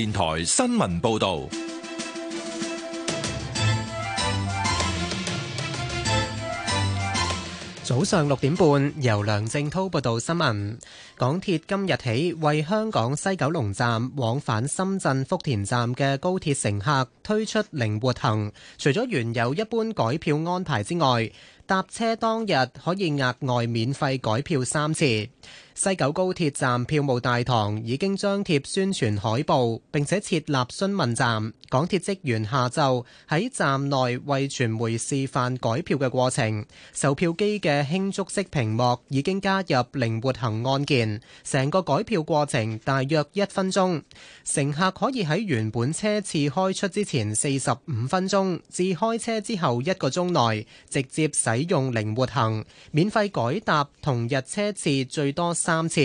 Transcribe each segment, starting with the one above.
電台新聞報道。早上六點半，由梁正滔報道新聞。港鐵今日起為香港西九龍站往返深圳福田站嘅高鐵乘客推出靈活行，除咗原有一般改票安排之外，搭車當日可以額外免費改票三次。西九高鐵站票務大堂已經張貼宣傳海報，並且設立詢問站。港鐵職員下晝喺站內為傳媒示範改票嘅過程。售票機嘅輕觸式屏幕已經加入靈活行按鍵，成個改票過程大約一分鐘。乘客可以喺原本車次開出之前四十五分鐘至開車之後一個鐘內直接使。使用靈活行，免費改搭同日車次最多三次。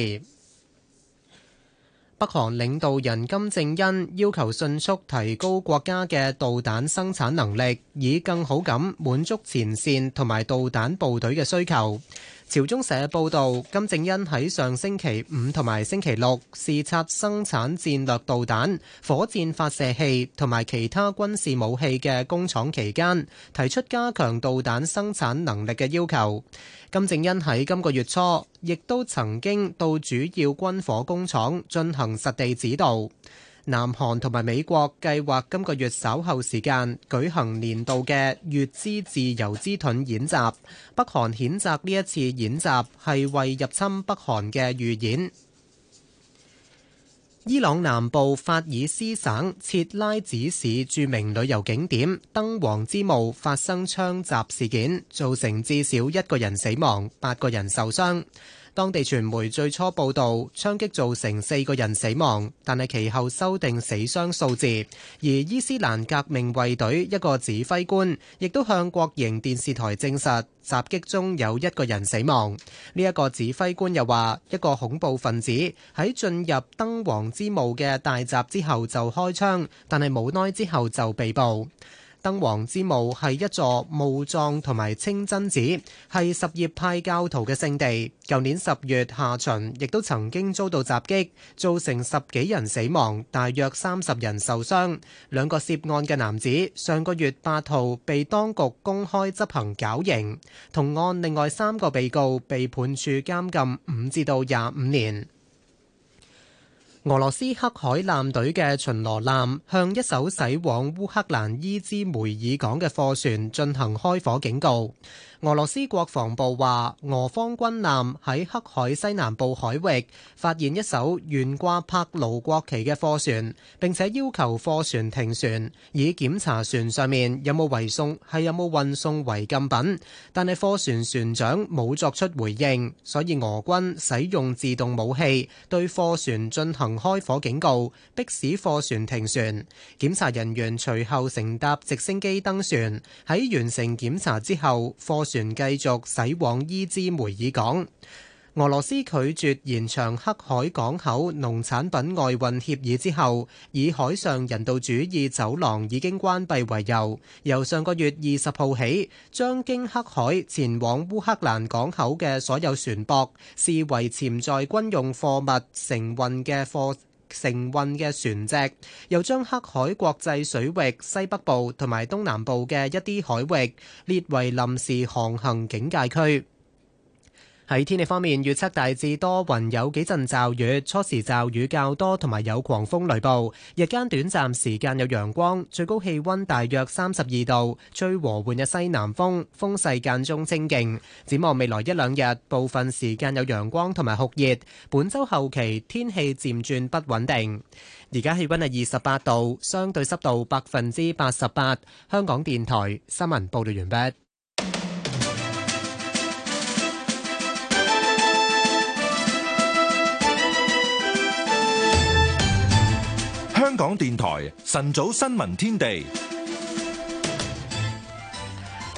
北韓領導人金正恩要求迅速提高國家嘅導彈生產能力，以更好咁滿足前線同埋導彈部隊嘅需求。朝中社報導，金正恩喺上星期五同埋星期六視察生產戰略導彈、火箭發射器同埋其他軍事武器嘅工廠期間，提出加強導彈生產能力嘅要求。金正恩喺今個月初亦都曾經到主要軍火工廠進行實地指導。南韓同埋美國計劃今個月稍後時間舉行年度嘅乙支自由之盾演習，北韓譴責呢一次演習係為入侵北韓嘅預演。伊朗南部法爾斯省切拉子市著名旅遊景點燈王之墓發生槍襲事件，造成至少一個人死亡，八個人受傷。當地傳媒最初報道槍擊造成四個人死亡，但係其後修訂死傷數字。而伊斯蘭革命衛隊一個指揮官亦都向國營電視台證實襲擊中有一個人死亡。呢、這、一個指揮官又話：一個恐怖分子喺進入燈王之墓嘅大閘之後就開槍，但係冇耐之後就被捕。燈王之墓係一座墓葬同埋清真寺，係什葉派教徒嘅聖地。舊年十月下旬，亦都曾經遭到襲擊，造成十幾人死亡，大約三十人受傷。兩個涉案嘅男子上個月八號被當局公開執行絞刑，同案另外三個被告被判處監禁五至到廿五年。俄羅斯黑海艦隊嘅巡邏艦向一艘駛往烏克蘭伊茲梅爾港嘅貨船進行開火警告。俄羅斯國防部話，俄方軍艦喺黑海西南部海域發現一艘懸掛帕勞國旗嘅貨船，並且要求貨船停船，以檢查船上面有冇違送，係有冇運送違禁品。但係貨船船長冇作出回應，所以俄軍使用自動武器對貨船進行開火警告，迫使貨船停船。檢查人員隨後乘搭直升機登船，喺完成檢查之後，貨船繼續駛往伊茲梅爾港。俄羅斯拒絕延長黑海港口農產品外運協議之後，以海上人道主義走廊已經關閉為由，由上個月二十號起，將經黑海前往烏克蘭港口嘅所有船舶視為潛在軍用貨物承運嘅貨。承運嘅船隻，又將黑海國際水域西北部同埋東南部嘅一啲海域列為臨時航行警戒區。喺天氣方面，預測大致多雲，有幾陣驟雨，初時驟雨較多，同埋有狂風雷暴。日間短暫時間有陽光，最高氣溫大約三十二度，吹和緩嘅西南風，風勢間中清勁。展望未來一兩日，部分時間有陽光同埋酷熱。本周後期天氣漸轉不穩定。而家氣溫係二十八度，相對濕度百分之八十八。香港電台新聞報道完畢。香港電台晨早新聞天地，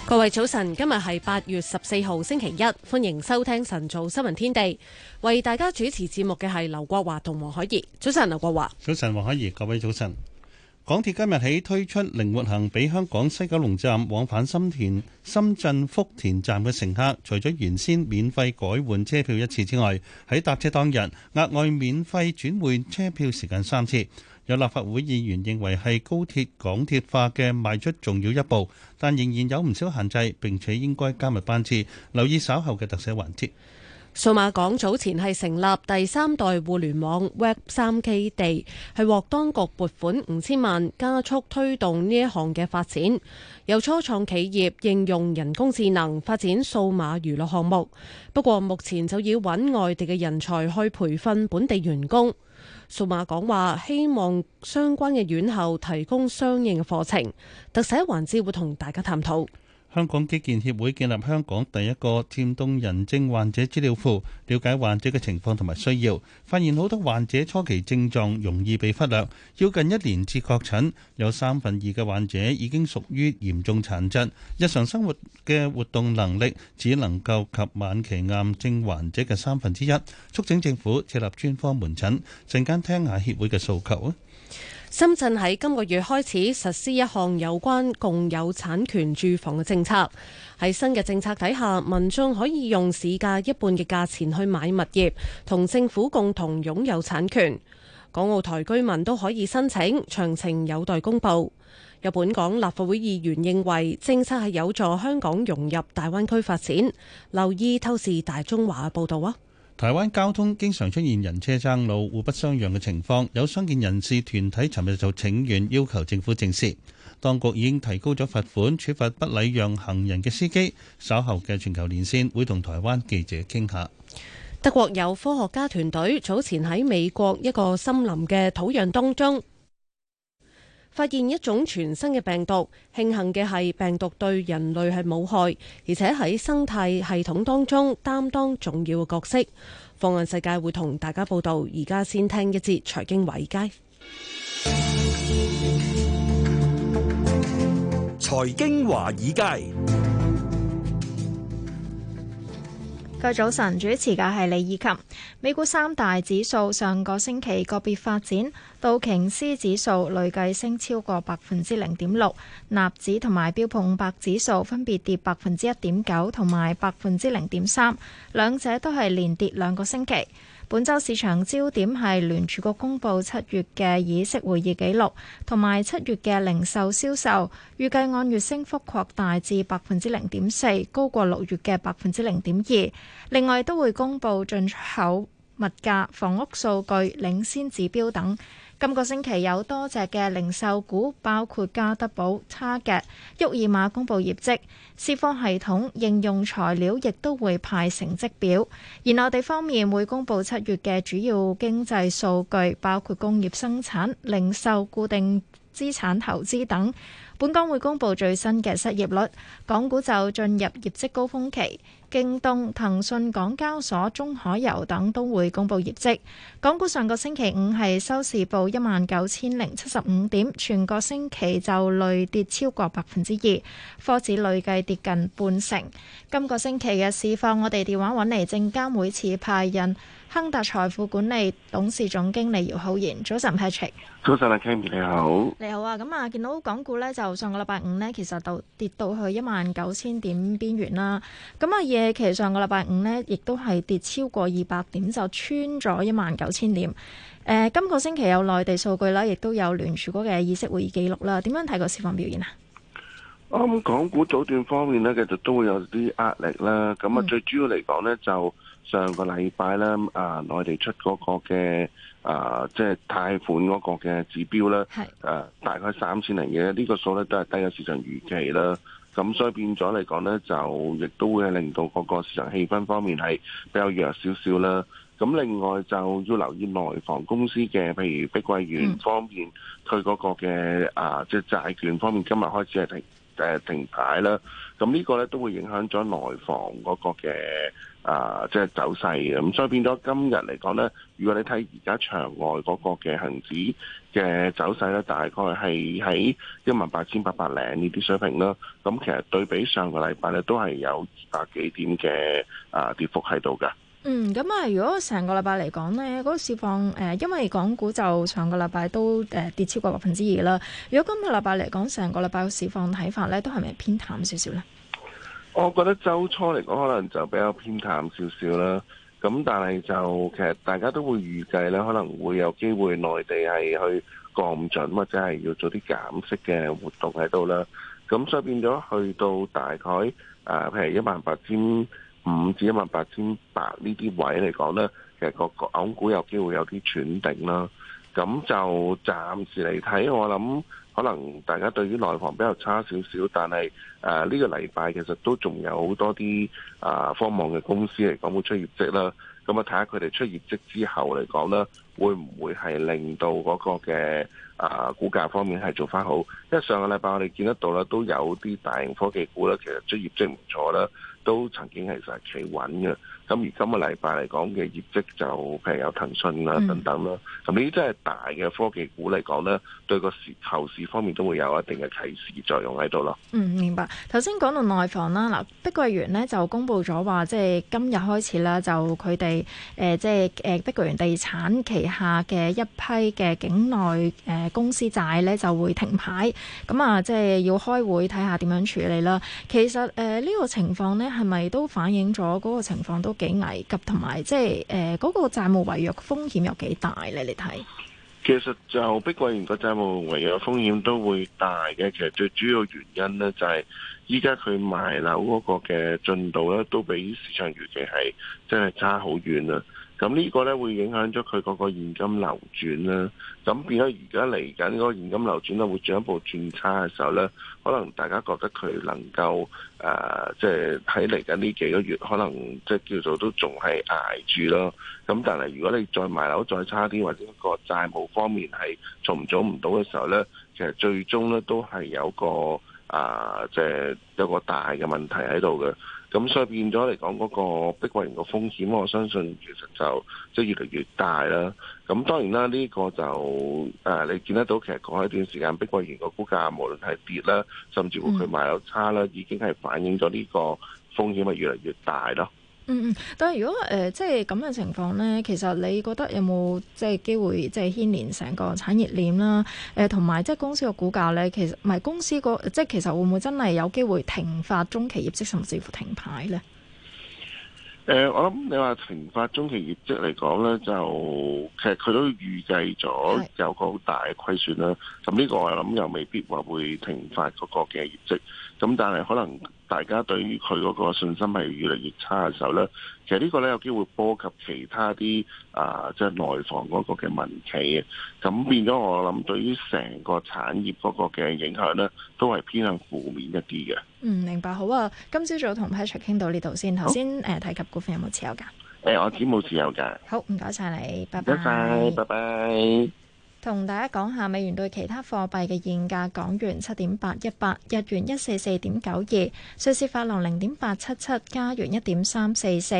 各位早晨，今日係八月十四號星期一，歡迎收聽晨早新聞天地。為大家主持節目嘅係劉國華同黃海怡。早晨，劉國華。早晨，黃海怡。各位早晨。港鐵今日起推出靈活行，俾香港西九龍站往返深田深圳福田站嘅乘客，除咗原先免費改換車票一次之外，喺搭車當日額外免費轉換車票時間三次。有立法會議員認為係高鐵、港鐵化嘅邁出重要一步，但仍然有唔少限制，並且應該加密班次。留意稍後嘅特寫環節。數碼港早前係成立第三代互聯網 Web3 基地，係獲當局撥款五千萬，加速推動呢一行嘅發展。有初創企業應用人工智能發展數碼娛樂項目，不過目前就要揾外地嘅人才去培訓本地員工。數碼港話希望相關嘅院校提供相應嘅課程。特寫環節會同大家探討。香港基建協會建立香港第一個漸凍人症患者資料庫，了解患者嘅情況同埋需要，發現好多患者初期症狀容易被忽略，要近一年至確診，有三分二嘅患者已經屬於嚴重殘疾，日常生活嘅活動能力只能夠及晚期癌症患者嘅三分之一。促請政府設立專科門診，陣間聽下協會嘅訴求。深圳喺今個月開始實施一項有關共有產權住房嘅政策。喺新嘅政策底下，民眾可以用市價一半嘅價錢去買物業，同政府共同擁有產權。港澳台居民都可以申請，詳情有待公布。有本港立法會議員認為，政策係有助香港融入大灣區發展。留意透視大中華嘅報道啊！台灣交通，經常出現人車爭路、互不相讓嘅情況，有傷健人士團體尋日就請願，要求政府正視。當局已經提高咗罰款，處罰不禮讓行人嘅司機。稍後嘅全球連線會同台灣記者傾下。德國有科學家團隊，早前喺美國一個森林嘅土壤當中，發現一種全新嘅病毒，慶幸嘅係病毒對人類係冇害，而且喺生態系統當中擔當重要嘅角色。放眼世界會同大家報道，而家先聽一節財經華爾街，財經華爾街。今日早晨主持嘅係李綺琴。美股三大指數上個星期個別發展，道瓊斯指數累計升超過百分之零點六，納指同埋標普五百指數分別跌百分之一點九同埋百分之零點三，兩者都係連跌兩個星期。本周市場焦點係聯儲局公佈七月嘅議息會議記錄，同埋七月嘅零售銷售，預計按月升幅擴大至百分之零點四，高過六月嘅百分之零點二。另外都會公佈進出口物價、房屋數據、領先指標等。今個星期有多隻嘅零售股，包括家得寶、Target、沃爾瑪公佈業績，思科系統、應用材料亦都會派成績表。而內地方面會公佈七月嘅主要經濟數據，包括工業生產、零售、固定資產投資等。本港會公佈最新嘅失業率，港股就進入業績高峰期。京東、騰訊、港交所、中海油等都會公布業績。港股上個星期五係收市報一萬九千零七十五點，全個星期就累跌超過百分之二，科指累計跌近半成。今個星期嘅市況，我哋電話搵嚟證監會次派人亨達財富管理董事總經理姚浩然。早晨，Patrick。早晨啊，Kenny，你好。你好啊，咁啊，見到港股咧，就上個禮拜五咧，其實就跌到去一萬九千點邊緣啦。咁啊，嘢。其實上個禮拜五咧，亦都係跌超過二百點，就穿咗一萬九千點。誒、呃，今個星期有內地數據啦，亦都有聯儲局嘅議息會議記錄啦。點樣睇個市況表現啊？啱、嗯，港股早段方面咧，其實都會有啲壓力啦。咁啊，最主要嚟講咧，就上個禮拜咧，啊、呃，內地出嗰個嘅啊、呃，即係貸款嗰個嘅指標咧，誒是、呃，大概三千零嘢，這個、數呢個數咧都係低過市場預期啦。咁所以變咗嚟講咧，就亦都會令到個個市場氣氛方面係比較弱少少啦。咁另外就要留意內房公司嘅，譬如碧桂園方面，佢嗰、嗯、個嘅啊即係、就是、債券方面，今日開始係停誒、啊、停牌啦。咁呢個咧都會影響咗內房嗰個嘅。啊，即係走勢嘅，咁、啊、所以變咗今日嚟講咧，如果你睇而家場外嗰個嘅恒指嘅走勢咧，大概係喺一萬八千八百零呢啲水平啦。咁、啊、其實對比上個禮拜咧，都係有二百幾點嘅啊跌幅喺度嘅。嗯，咁、嗯、啊，如果成個禮拜嚟講咧，嗰、那個市況誒、呃，因為港股就上個禮拜都誒、呃、跌超過百分之二啦。如果今個禮拜嚟講，成個禮拜嘅市況睇法咧，都係咪偏淡少少咧？我覺得週初嚟講，可能就比較偏淡少少啦。咁但係就其實大家都會預計咧，可能會有機會內地係去降準或者係要做啲減息嘅活動喺度啦。咁所以變咗去到大概啊、呃，譬如一萬八千五至一萬八千八呢啲位嚟講咧，其實個港股有機會有啲喘定啦。咁就暫時嚟睇，我諗。可能大家對於內房比較差少少，但係誒呢個禮拜其實都仲有好多啲啊科網嘅公司嚟講會出業績啦。咁啊睇下佢哋出業績之後嚟講咧，會唔會係令到嗰個嘅啊、呃、股價方面係做翻好？因為上個禮拜我哋見得到咧，都有啲大型科技股咧，其實出業績唔錯啦，都曾經係實企穩嘅。咁而今個禮拜嚟講嘅業績就，譬如有騰訊啦等等啦，咁呢啲都係大嘅科技股嚟講咧，對個市後市方面都會有一定嘅提示作用喺度咯。嗯，明白。頭先講到內房啦，嗱，碧桂園咧就公布咗話，即係今日開始啦，就佢哋誒即係誒碧桂園地產旗下嘅一批嘅境內誒公司債咧就會停牌，咁啊即係要開會睇下點樣處理啦。其實誒呢個情況咧係咪都反映咗嗰個情況都？幾危急，同埋即係誒，嗰個債務違約風險有幾大咧？你睇，其實就碧桂園個債務違約風險都會大嘅。其實最主要原因咧就係，依家佢賣樓嗰個嘅進度咧都比市場預期係真係差好遠啊！咁呢個咧會影響咗佢嗰個現金流轉啦，咁變咗而家嚟緊嗰個現金流轉咧會進一步轉差嘅時候咧，可能大家覺得佢能夠誒，即係喺嚟緊呢幾個月，可能即係、就是、叫做都仲係捱住咯。咁但係如果你再賣樓再差啲，或者個債務方面係做唔做唔到嘅時候咧，其實最終咧都係有個誒，即、呃、係、就是、一個大嘅問題喺度嘅。咁所以變咗嚟講，嗰個碧桂園個風險，我相信其實就即係越嚟越大啦。咁當然啦，呢個就誒、啊、你見得到，其實過去一段時間碧桂園個股價無論係跌啦，甚至乎佢賣樓差啦，已經係反映咗呢個風險係越嚟越大啦。嗯嗯，但係如果誒、呃、即係咁嘅情況咧，其實你覺得有冇即係機會即係牽連成個產業鏈啦？誒同埋即係公司嘅股價咧，其實唔係公司個，即係其實會唔會真係有機會停發中期業績甚至乎停牌咧？誒、呃，我諗你話停發中期業績嚟講咧，就其實佢都預計咗有個好大嘅虧損啦。咁呢是個我諗又未必話會停發嗰個嘅業績，咁但係可能。大家對於佢嗰個信心係越嚟越差嘅時候咧，其實個呢個咧有機會波及其他啲啊、呃，即係內房嗰個嘅民企嘅，咁變咗我諗對於成個產業嗰個嘅影響咧，都係偏向負面一啲嘅。嗯，明白好啊。今朝早同 Patrick 傾到呢度先，頭先誒，提、呃、及股份有冇持有㗎？誒、欸，我只冇持有㗎。好，唔該晒你，拜拜。唔該，拜拜。拜拜。同大家講下美元對其他貨幣嘅現價：港元七點八一八，日元一四四點九二，瑞士法郎零點八七七，加元一點三四四，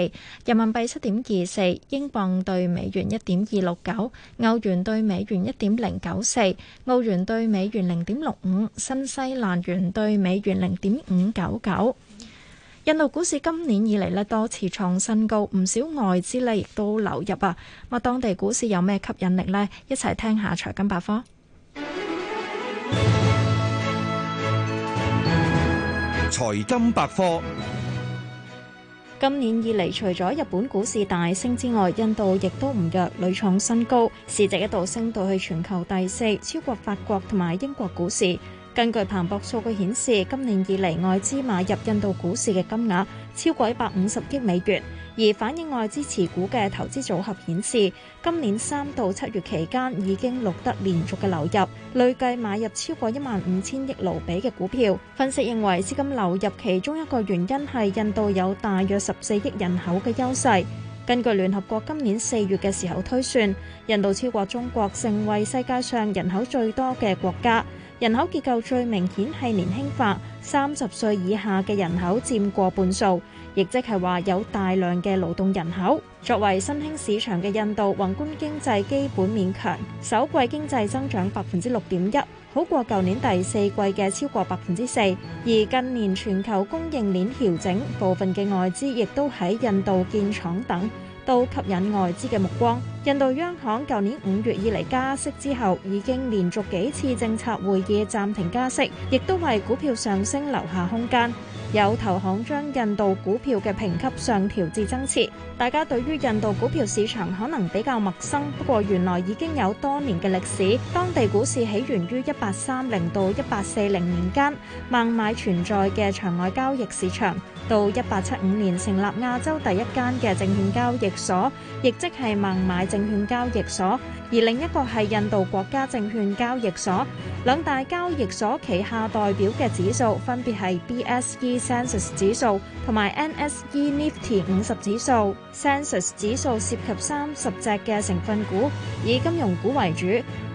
人民幣七點二四，英鎊兌美元一點二六九，歐元兌美元一點零九四，澳元兌美元零點六五，新西蘭元兌美元零點五九九。印度股市今年以嚟呢多次創新高，唔少外資呢亦都流入啊！咁當地股市有咩吸引力呢？一齊聽下財金百科。財金百科。今年以嚟，除咗日本股市大升之外，印度亦都唔弱，屢創新高，市值一度升到去全球第四，超過法國同埋英國股市。根據彭博數據顯示，今年以嚟外資買入印度股市嘅金額超過一百五十億美元。而反映外資持股嘅投資組合顯示，今年三到七月期間已經錄得連續嘅流入，累計買入超過一萬五千億盧比嘅股票。分析認為資金流入其中一個原因係印度有大約十四億人口嘅優勢。根據聯合國今年四月嘅時候推算，印度超過中國，成為世界上人口最多嘅國家。人口結構最明顯係年輕化，三十歲以下嘅人口佔過半數，亦即係話有大量嘅勞動人口。作為新興市場嘅印度，宏觀經濟基本面強，首季經濟增長百分之六點一，好過舊年第四季嘅超過百分之四。而近年全球供應鏈調整，部分嘅外資亦都喺印度建廠等。都吸引外資嘅目光。印度央行舊年五月以嚟加息之後，已經連續幾次政策會議暫停加息，亦都為股票上升留下空間。有投行將印度股票嘅評級上調至增持。大家對於印度股票市場可能比較陌生，不過原來已經有多年嘅歷史。當地股市起源於一八三零到一八四零年間，孟買存在嘅場外交易市場，到一八七五年成立亞洲第一間嘅證券交易所，亦即係孟買證券交易所。而另一個係印度國家證券交易所，兩大交易所旗下代表嘅指數分別係 BSE Sensex 指數同埋 NSE Nifty 五十指數。Sensex 指數涉及三十隻嘅成分股，以金融股為主，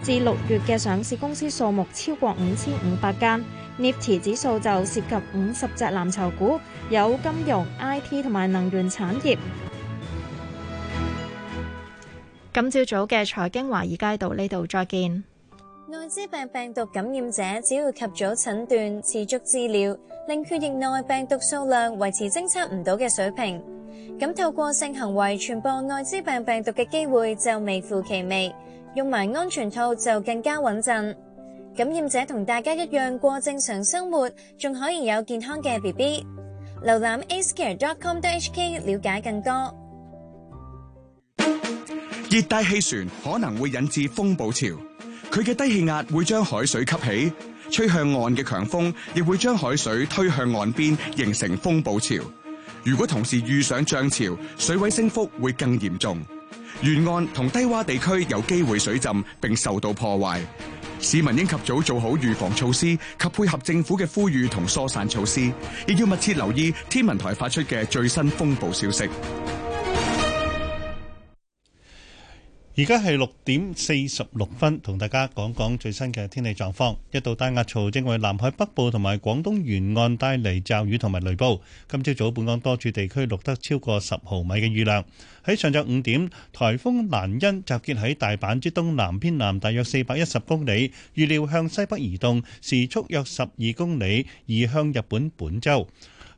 至六月嘅上市公司數目超過五千五百間。Nifty 指數就涉及五十隻藍籌股，有金融、IT 同埋能源產業。今朝早嘅財經華爾街到呢度再見。艾滋病病毒感染者只要及早診斷、持續治療，令血液內病毒數量維持偵測唔到嘅水平，咁透過性行為傳播艾滋病病毒嘅機會就微乎其微。用埋安全套就更加穩陣。感染者同大家一樣過正常生活，仲可以有健康嘅 BB。瀏覽 aescare.com.hk 了解更多。熱帶氣旋可能會引致風暴潮，佢嘅低氣壓會將海水吸起，吹向岸嘅強風亦會將海水推向岸邊，形成風暴潮。如果同時遇上漲潮，水位升幅會更嚴重。沿岸同低洼地區有機會水浸，並受到破壞。市民應及早做好預防措施及配合政府嘅呼籲同疏散措施，亦要密切留意天文台發出嘅最新風暴消息。而家係六點四十六分，同大家講講最新嘅天氣狀況。一道低壓槽正為南海北部同埋廣東沿岸帶嚟驟雨同埋雷暴。今朝早，本港多處地區錄得超過十毫米嘅雨量。喺上晝五點，台風蘭恩集結喺大阪之東南偏南大約四百一十公里，預料向西北移動，時速約十二公里，移向日本本州。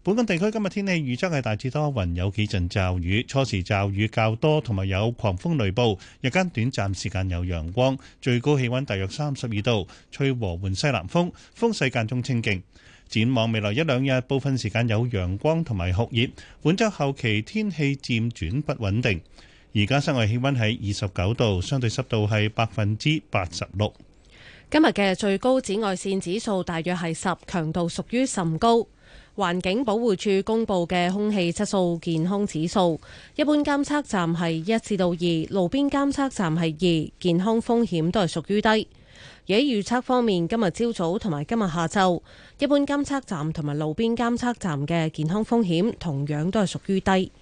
本港地區今日天氣預測係大致多雲，有幾陣驟雨，初時驟雨較多，同埋有狂風雷暴。日間短暫時間有陽光，最高氣溫大約三十二度，吹和緩西南風，風勢間中清勁。展望未來一兩日，部分時間有陽光同埋酷熱。本週後期天氣漸轉不穩定。而家室外氣溫喺二十九度，相對濕度係百分之八十六。今日嘅最高紫外線指數大約係十，強度屬於甚高。環境保護署公布嘅空氣質素健康指數，一般監測站係一至到二，路邊監測站係二，健康風險都係屬於低。而喺預測方面，今日朝早同埋今日下晝，一般監測站同埋路邊監測站嘅健康風險同樣都係屬於低。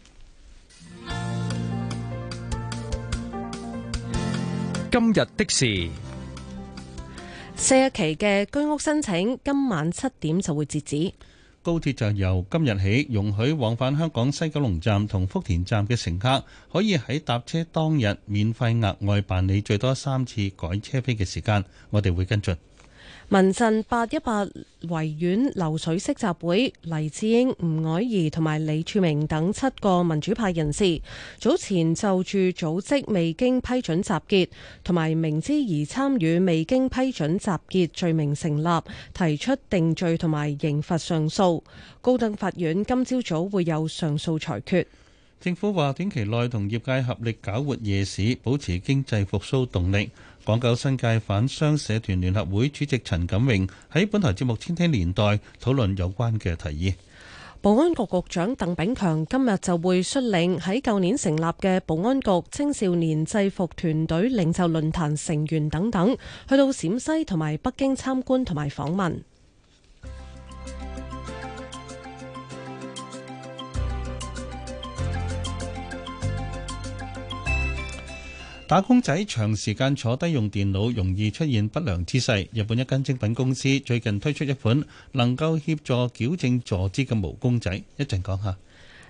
今日的事，四日期嘅居屋申請，今晚七點就會截止。高鐵就由今日起容許往返香港西九龍站同福田站嘅乘客，可以喺搭車當日免費額外辦理最多三次改車飛嘅時間，我哋會跟進。民陣八一八維園流水式集會，黎智英、吳靄儀同埋李柱銘等七個民主派人士，早前就住組織未經批准集結同埋明知而參與未經批准集結罪名成立，提出定罪同埋刑罰上訴。高等法院今朝早會有上訴裁決。政府話短期內同業界合力搞活夜市，保持經濟復甦動力。港九新界反商社團聯合會主席陳錦榮喺本台節目《千禧年代》討論有關嘅提議。保安局局長鄧炳強今日就會率領喺舊年成立嘅保安局青少年制服團隊領袖論壇成員等等，去到陝西同埋北京參觀同埋訪問。打工仔長時間坐低用電腦，容易出現不良姿勢。日本一間精品公司最近推出一款能夠協助矯正坐姿嘅毛公仔，一陣講下。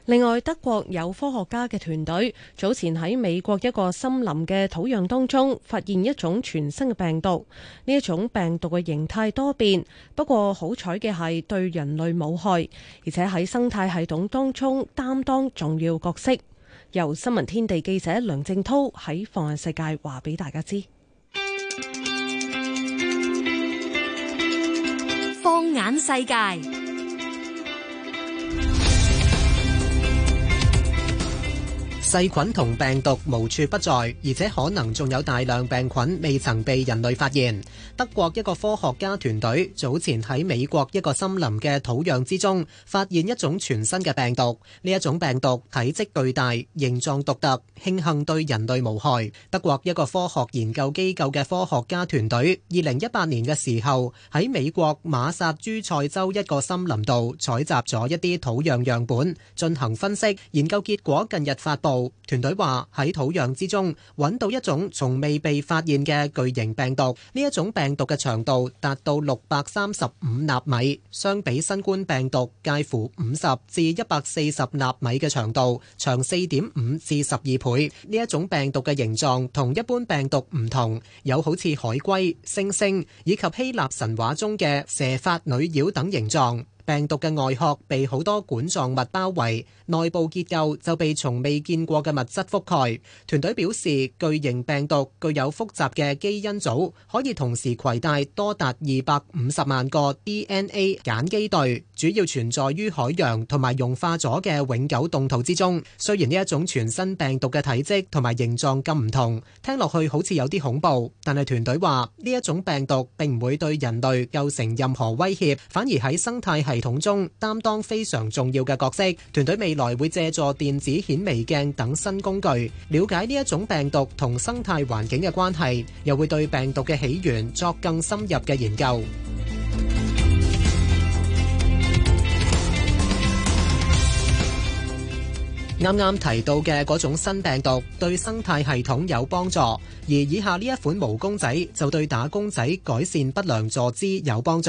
另外，德國有科學家嘅團隊早前喺美國一個森林嘅土壤當中發現一種全新嘅病毒。呢一種病毒嘅形態多變，不過好彩嘅係對人類冇害，而且喺生態系統當中擔當重要角色。由新聞天地記者梁正濤喺放眼世界話俾大家知，放眼世界。細菌同病毒無處不在，而且可能仲有大量病菌未曾被人類發現。德國一個科學家團隊早前喺美國一個森林嘅土壤之中發現一種全新嘅病毒。呢一種病毒體積巨大、形狀獨特，慶幸對人類無害。德國一個科學研究機構嘅科學家團隊，二零一八年嘅時候喺美國馬薩諸塞州一個森林度採集咗一啲土壤樣本進行分析。研究結果近日發布。團隊話喺土壤之中搵到一種從未被發現嘅巨型病毒，呢一種病毒嘅長度達到六百三十五納米，相比新冠病毒介乎五十至一百四十納米嘅長度，長四點五至十二倍。呢一種病毒嘅形狀同一般病毒唔同，有好似海龜、猩猩，以及希臘神話中嘅蛇髮女妖等形狀。病毒嘅外殼被好多管狀物包圍，內部結構就被從未見過嘅物質覆蓋，團隊表示，巨型病毒具有複雜嘅基因組，可以同時携帶多達二百五十萬個 DNA 鹼基對。主要存在於海洋同埋融化咗嘅永久凍土之中。雖然呢一種全新病毒嘅體積同埋形狀咁唔同，聽落去好似有啲恐怖，但係團隊話呢一種病毒並唔會對人類構成任何威脅，反而喺生態系統中擔當非常重要嘅角色。團隊未來會借助電子顯微鏡等新工具，了解呢一種病毒同生態環境嘅關係，又會對病毒嘅起源作更深入嘅研究。啱啱提到嘅嗰種新病毒，對生態系統有幫助。而以下呢一款毛公仔就對打工仔改善不良坐姿有幫助。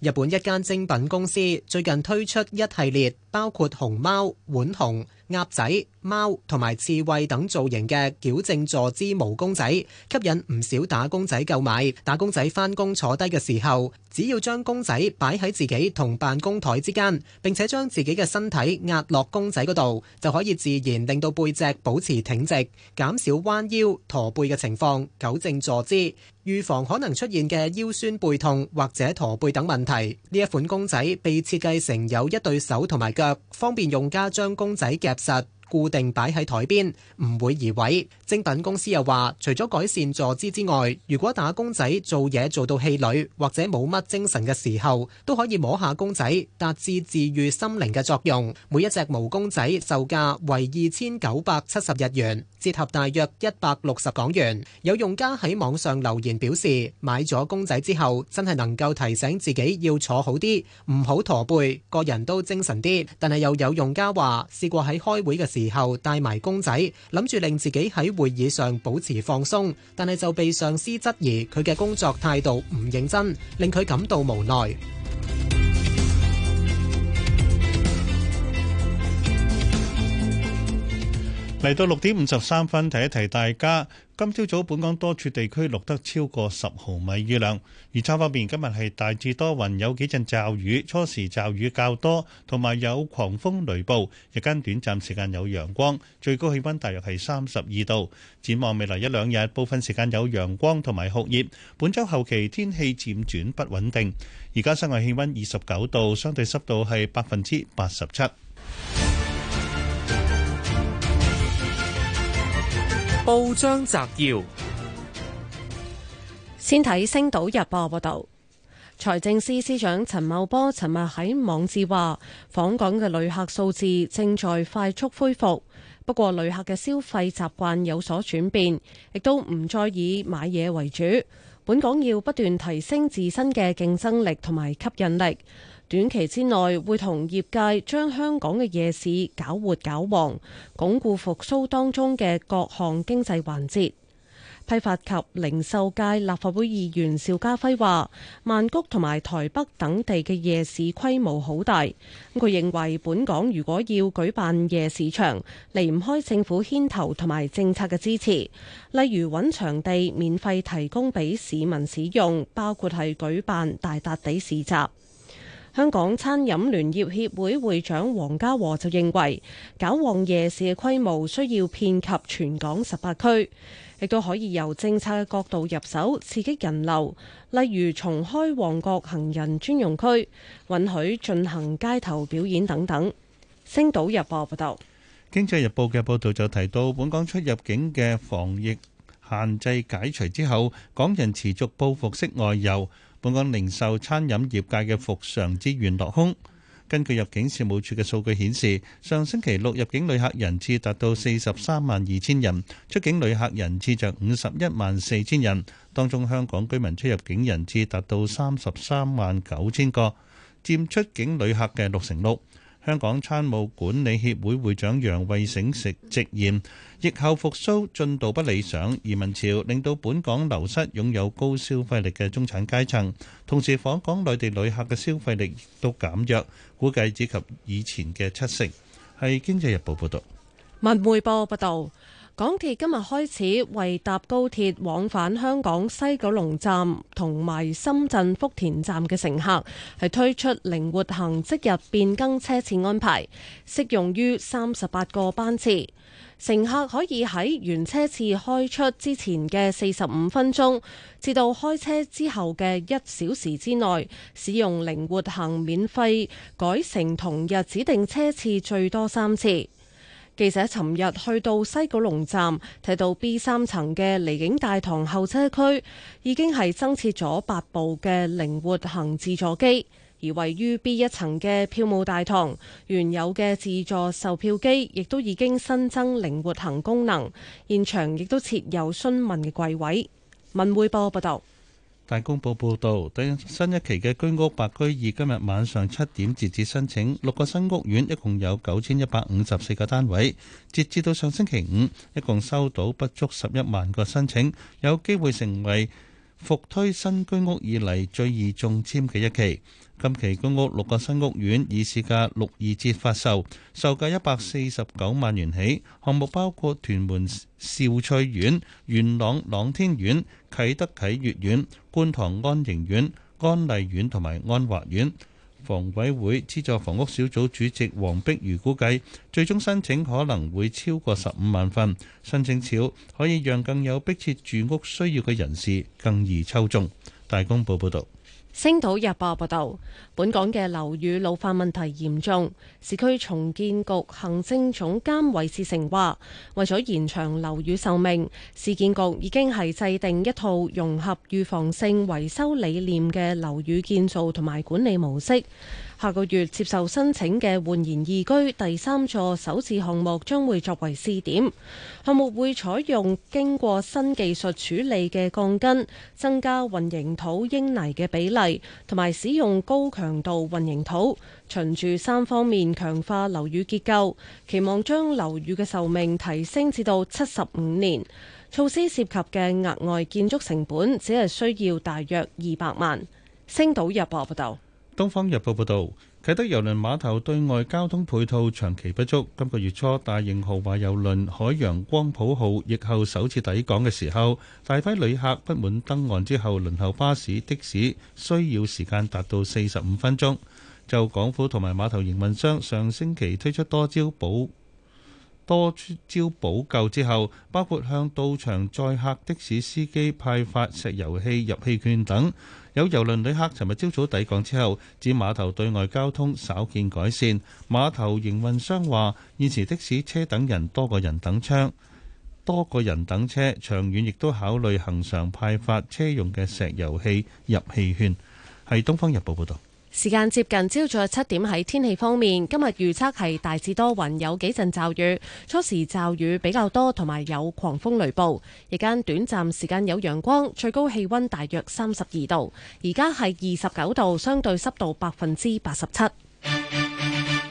日本一間精品公司最近推出一系列，包括熊貓、浣熊、鴨仔、貓同埋刺猬等造型嘅矯正坐姿毛公仔，吸引唔少打工仔購買。打工仔翻工坐低嘅時候，只要將公仔擺喺自己同辦公台之間，並且將自己嘅身體壓落公仔嗰度，就可以自然令到背脊保持挺直，減少彎腰、駝背嘅情。況，糾正坐姿，預防可能出現嘅腰酸背痛或者駝背等問題。呢一款公仔被設計成有一對手同埋腳，方便用家將公仔夾實，固定擺喺枱邊，唔會移位。精品公司又話，除咗改善坐姿之外，如果打工仔做嘢做到氣餒或者冇乜精神嘅時候，都可以摸下公仔，達至治愈心靈嘅作用。每一隻毛公仔售價為二千九百七十日元，折合大約一百六十港元。有用家喺網上留言表示，買咗公仔之後，真係能夠提醒自己要坐好啲，唔好駝背，個人都精神啲。但係又有用家話，試過喺開會嘅時候。時候帶埋公仔，諗住令自己喺會議上保持放鬆，但係就被上司質疑佢嘅工作態度唔認真，令佢感到無奈。嚟到六點五十三分，提一提大家。今朝早，早本港多處地區錄得超過十毫米雨量。預測方面，今日係大致多雲，有幾陣驟雨，初時驟雨較多，同埋有，有狂風雷暴。日間短暫時間有陽光，最高氣溫大約係三十二度。展望未來一兩日，部分時間有陽光同埋酷熱。本周後期天氣漸轉不穩定。而家室外氣溫二十九度，相對濕度係百分之八十七。報章摘要：先睇《星島日報》報道，財政司司長陳茂波尋日喺網誌話，訪港嘅旅客數字正在快速恢復，不過旅客嘅消費習慣有所轉變，亦都唔再以買嘢為主。本港要不斷提升自身嘅競爭力同埋吸引力。短期之內會同業界將香港嘅夜市搞活搞旺，鞏固復甦當中嘅各項經濟環節。批發及零售界立法會議員邵家輝話，曼谷同埋台北等地嘅夜市規模好大，佢認為，本港如果要舉辦夜市場，離唔開政府牽頭同埋政策嘅支持，例如搵場地免費提供俾市民使用，包括係舉辦大笪地市集。香港餐飲聯業協會會長黃家和就認為，搞旺夜市嘅規模需要遍及全港十八區，亦都可以由政策嘅角度入手刺激人流，例如重開旺角行人專用區，允許進行街頭表演等等。星島日報報道，經濟日報嘅報道就提到，本港出入境嘅防疫限制解除之後，港人持續報復式外遊。本港零售餐飲業界嘅復常資源落空。根據入境事務處嘅數據顯示，上星期六入境旅客人次達到四十三萬二千人，出境旅客人次就五十一萬四千人。當中香港居民出入境人次達到三十三萬九千個，佔出境旅客嘅六成六。香港餐務管理協會會長楊位醒食直言，疫後復甦進度不理想，移民潮令到本港流失擁有高消費力嘅中產階層，同時訪港內地旅客嘅消費力亦都減弱，估計只及以前嘅七成。係《經濟日報》報道，文匯報報道。港鐵今日開始為搭高鐵往返香港西九龍站同埋深圳福田站嘅乘客，係推出靈活行即日變更車次安排，適用於三十八個班次。乘客可以喺原車次開出之前嘅四十五分鐘至到開車之後嘅一小時之內，使用靈活行免費改乘同日指定車次，最多三次。記者尋日去到西九龍站，睇到 B 三層嘅離境大堂候車區已經係增設咗八部嘅靈活行自助機，而位於 B 一層嘅票務大堂，原有嘅自助售票機亦都已經新增靈活行功能，現場亦都設有詢問嘅櫃位。文匯報報道。大公報報導，對新一期嘅居屋白居二，今日晚上七點截止申請，六個新屋苑一共有九千一百五十四個單位，截至到上星期五，一共收到不足十一萬個申請，有機會成為，復推新居屋以嚟最易中籤嘅一期，今期居屋六個新屋苑以市價六二折發售，售價一百四十九萬元起。項目包括屯門兆翠苑、元朗朗天苑、啟德啟悦苑、觀塘安盈苑、安麗苑同埋安華苑。房委會資助房屋小組主席黃碧如估計，最終申請可能會超過十五萬份。申請少可以讓更有迫切住屋需要嘅人士更易抽中。大公報報道。星島日報報道，本港嘅樓宇老化問題嚴重。市區重建局行政總監韋志成話，為咗延長樓宇壽命，市建局已經係制定一套融合預防性維修理念嘅樓宇建造同埋管理模式。下個月接受申請嘅煥然懿居第三座首次項目將會作為試點，項目會採用經過新技術處理嘅鋼筋，增加混凝土英泥嘅比例，同埋使用高強度混凝土，循住三方面強化樓宇結構，期望將樓宇嘅壽命提升至到七十五年。措施涉及嘅額外建築成本只係需要大約二百萬。星島日報報道。《東方日報》報導，啟德郵輪碼頭對外交通配套長期不足。今個月初，大型豪華郵輪海洋光譜號疫後首次抵港嘅時候，大批旅客不滿登岸之後，輪候巴士的士需要時間達到四十五分鐘。就港府同埋碼頭營運商上星期推出多招補多招補救之後，包括向到場載客的士司機派發石油氣入氣券等。有郵輪旅客尋日朝早抵港之後，指碼頭對外交通稍見改善。碼頭營運商話，現時的士車等人多過人等車，多過人等車。長遠亦都考慮恆常派發車用嘅石油氣入氣圈。係《東方日報》報道。時間接近朝早七點，喺天氣方面，今日預測係大致多雲，有幾陣驟雨，初時驟雨比較多，同埋有狂風雷暴，日間短暫時間有陽光，最高氣溫大約三十二度，而家係二十九度，相對濕度百分之八十七。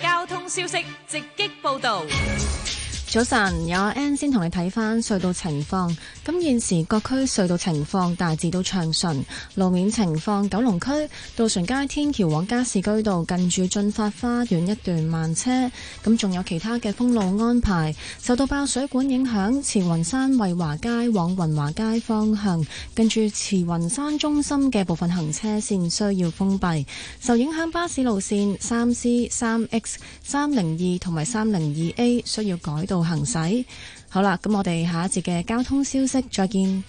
交通消息直擊報道。早晨，有阿 N 先同你睇返隧道情況。咁現時各區隧道情況大致都暢順，路面情況。九龍區渡船街天橋往加士居道近住駿發花園一段慢車。咁仲有其他嘅封路安排，受到爆水管影響，慈雲山惠華街往雲華街方向，近住慈雲山中心嘅部分行車線需要封閉。受影響巴士路線 3C、3X、302同埋 302A 需要改道。行駛好啦，咁我哋下一節嘅交通消息，再見。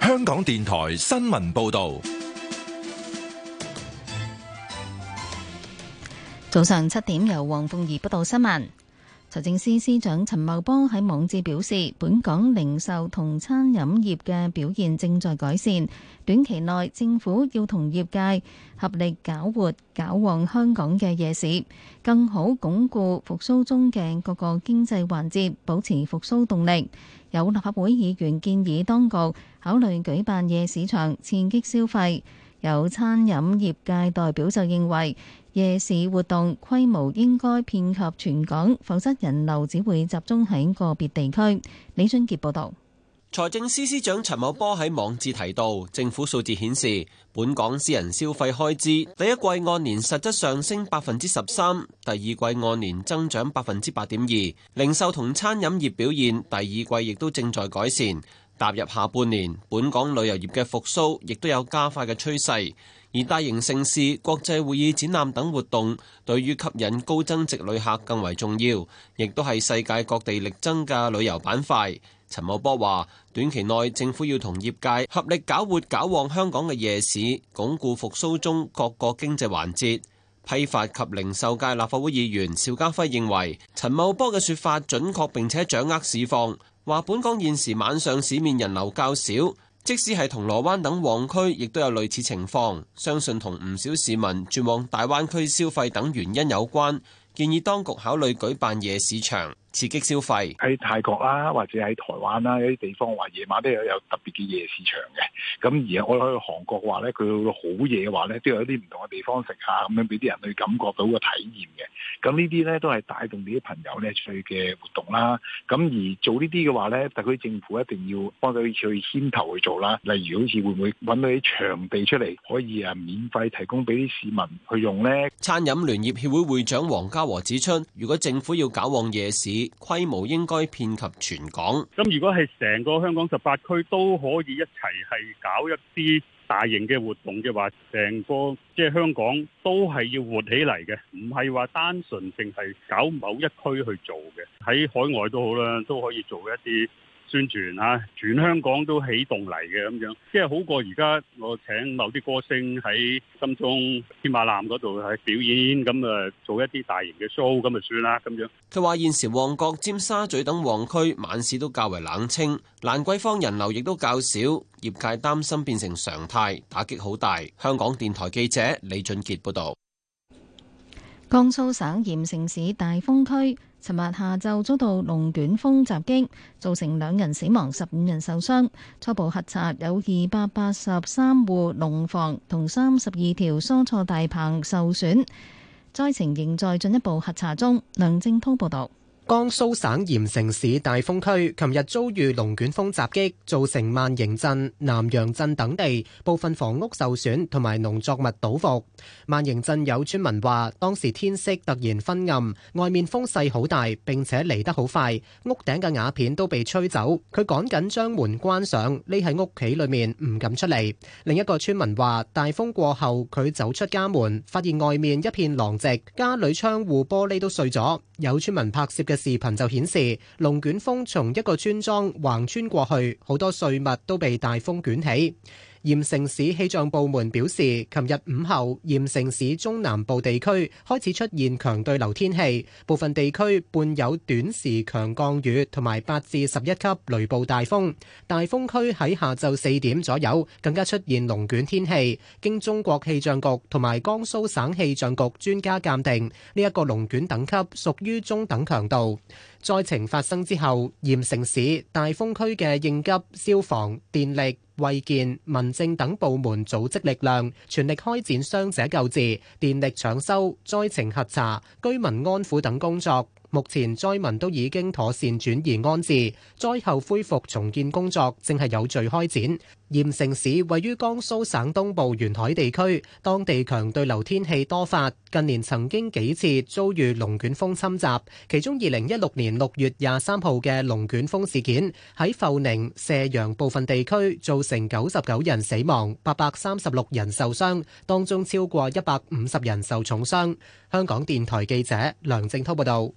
香港電台新聞報道。早上七點，由黃鳳儀報道新聞。財政司司長陳茂波喺網誌表示，本港零售同餐飲業嘅表現正在改善，短期內政府要同業界合力搞活、搞旺香港嘅夜市，更好鞏固復甦中嘅各個經濟環節，保持復甦動力。有立法會議員建議當局考慮舉辦夜市場，刺激消費。有餐飲業界代表就認為，夜市活動規模應該遍及全港，否則人流只會集中喺個別地區。李俊傑報導。財政司司長陳茂波喺網誌提到，政府數字顯示本港私人消費開支第一季按年實質上升百分之十三，第二季按年增長百分之八點二。零售同餐飲業表現第二季亦都正在改善，踏入下半年，本港旅遊業嘅復甦亦都有加快嘅趨勢。而大型盛事、國際會議展覽等活動對於吸引高增值旅客，更為重要，亦都係世界各地力爭嘅旅遊板塊。陳茂波話，短期內政府要同業界合力搞活搞旺香港嘅夜市，鞏固復甦中各個經濟環節。批發及零售界立法會議員邵家輝認為，陳茂波嘅說法準確並且掌握市況，話本港現時晚上市面人流較少。即使係銅鑼灣等旺區，亦都有類似情況，相信同唔少市民轉往大灣區消費等原因有關，建議當局考慮舉辦夜市場。刺激消費喺泰國啦，或者喺台灣啦，有啲地方話夜晚都有有特別嘅夜市場嘅。咁而我去韓國話咧，佢好夜話咧，都有一啲唔同嘅地方食下，咁樣俾啲人去感覺到個體驗嘅。咁呢啲咧都係帶動你啲朋友咧出去嘅活動啦。咁而做呢啲嘅話咧，特區政府一定要幫佢去牽頭去做啦。例如好似會唔會揾到啲場地出嚟，可以啊免費提供俾啲市民去用咧？餐飲聯業協會會長黃家和指出，如果政府要搞旺夜市，規模應該遍及全港。咁如果係成個香港十八區都可以一齊係搞一啲大型嘅活動嘅話，成個即係、就是、香港都係要活起嚟嘅，唔係話單純淨係搞某一區去做嘅。喺海外都好啦，都可以做一啲。宣傳啊，全香港都起動嚟嘅咁樣，即係好過而家我請某啲歌星喺深中天馬南嗰度去表演，咁啊做一啲大型嘅 show 咁啊算啦咁樣。佢話現時旺角、尖沙咀等旺區晚市都較為冷清，蘭桂坊人流亦都較少，業界擔心變成常態，打擊好大。香港電台記者李俊杰報道。江蘇省鹽城市大豐區。尋日下晝遭到龍捲風襲擊，造成兩人死亡、十五人受傷。初步核查有二百八十三戶農房同三十二條蔬菜大棚受損，災情仍在進一步核查中。梁正滔報導。江蘇省鹽城市大豐區琴日遭遇龍捲風襲擊，造成萬盈鎮、南陽鎮等地部分房屋受損同埋農作物倒伏。萬盈鎮有村民話，當時天色突然昏暗，外面風勢好大，並且嚟得好快，屋頂嘅瓦片都被吹走。佢趕緊將門關上，匿喺屋企裏面，唔敢出嚟。另一個村民話，大風過後佢走出家門，發現外面一片狼藉，家裏窗戶玻璃都碎咗。有村民拍攝嘅。嘅視頻就顯示，龍捲風從一個村莊橫穿過去，好多碎物都被大風捲起。鹽城市氣象部門表示，琴日午後，鹽城市中南部地區開始出現強對流天氣，部分地區伴有短時強降雨同埋八至十一級雷暴大風。大風區喺下晝四點左右，更加出現龍捲天氣。經中國氣象局同埋江蘇省氣象局專家鑑定，呢一個龍捲等級屬於中等強度。災情發生之後，鹽城市大風區嘅應急消防、電力、衛健民政等部門組織力量，全力開展傷者救治、電力搶修、災情核查、居民安撫等工作。目前災民都已經妥善轉移安置，災後恢復重建工作正係有序開展。鹽城市位於江蘇省東部沿海地區，當地強對流天氣多發，近年曾經幾次遭遇龍捲風侵襲，其中二零一六年六月廿三號嘅龍捲風事件喺阜寧、射陽部分地區造成九十九人死亡、八百三十六人受傷，當中超過一百五十人受重傷。香港電台記者梁正滔報導。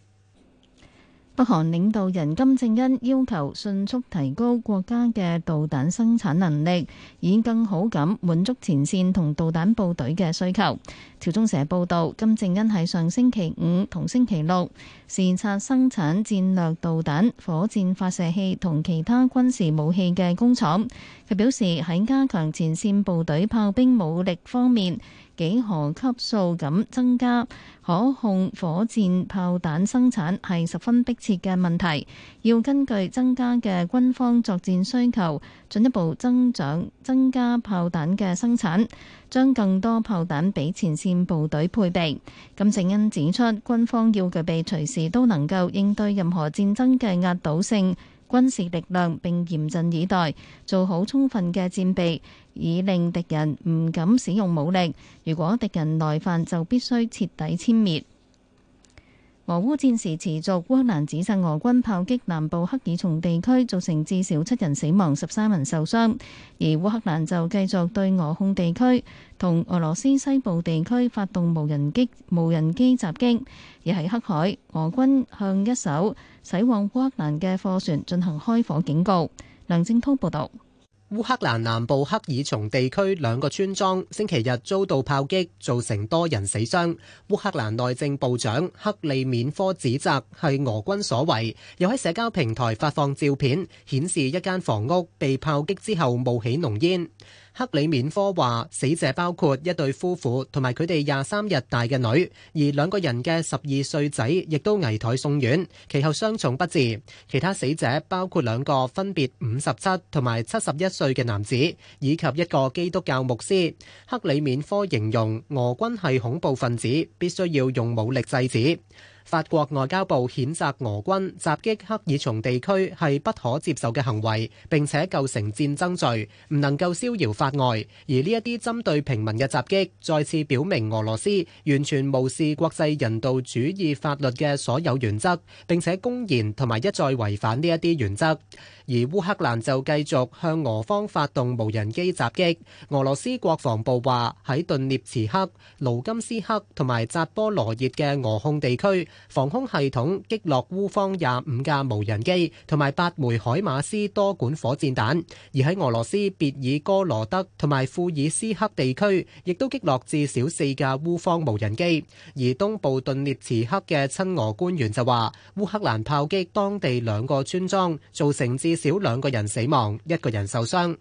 北韓領導人金正恩要求迅速提高國家嘅導彈生產能力，以更好咁滿足前線同導彈部隊嘅需求。朝中社報道，金正恩喺上星期五同星期六視察生產戰略導彈、火箭發射器同其他軍事武器嘅工廠。佢表示，喺加強前線部隊炮兵武力方面，幾何級數咁增加可控火箭炮彈生產係十分迫切嘅問題，要根據增加嘅軍方作戰需求，進一步增長增加炮彈嘅生產，將更多炮彈畀前線部隊配備。金正恩指出，軍方要具備隨時都能夠應對任何戰爭嘅壓倒性軍事力量並嚴陣以待，做好充分嘅戰備，以令敵人唔敢使用武力。如果敵人來犯，就必須徹底殲滅。俄烏戰事持續，烏克蘭指責俄軍炮擊南部克爾松地區，造成至少七人死亡、十三人受傷。而烏克蘭就繼續對俄控地區同俄羅斯西部地區發動無人機無人機襲擊，而喺黑海，俄軍向一艘駛往烏克蘭嘅貨船進行開火警告。梁正滔報道。烏克蘭南部克爾松地區兩個村莊星期日遭到炮擊，造成多人死傷。烏克蘭內政部長克利緬科指責係俄軍所為，又喺社交平台發放照片，顯示一間房屋被炮擊之後冒起濃煙。克里緬科話：死者包括一對夫婦同埋佢哋廿三日大嘅女，而兩個人嘅十二歲仔亦都危殆送院，其後傷重不治。其他死者包括兩個分別五十七同埋七十一歲嘅男子，以及一個基督教牧師。克里緬科形容俄軍係恐怖分子，必須要用武力制止。法國外交部譴責俄軍襲擊克爾松地區係不可接受嘅行為，並且構成戰爭罪，唔能夠逍遙法外。而呢一啲針對平民嘅襲擊，再次表明俄羅斯完全無視國際人道主義法律嘅所有原則，並且公然同埋一再違反呢一啲原則。而烏克蘭就繼續向俄方發動無人機襲擊。俄羅斯國防部話喺頓涅茨克、盧甘斯克同埋扎波羅熱嘅俄控地區，防空系統擊落烏方廿五架無人機同埋八枚海馬斯多管火箭彈，而喺俄羅斯別爾哥羅德同埋庫爾斯克地區，亦都擊落至少四架烏方無人機。而東部頓涅茨克嘅親俄官員就話，烏克蘭炮擊當地兩個村莊，造成至少兩個人死亡，一個人受傷。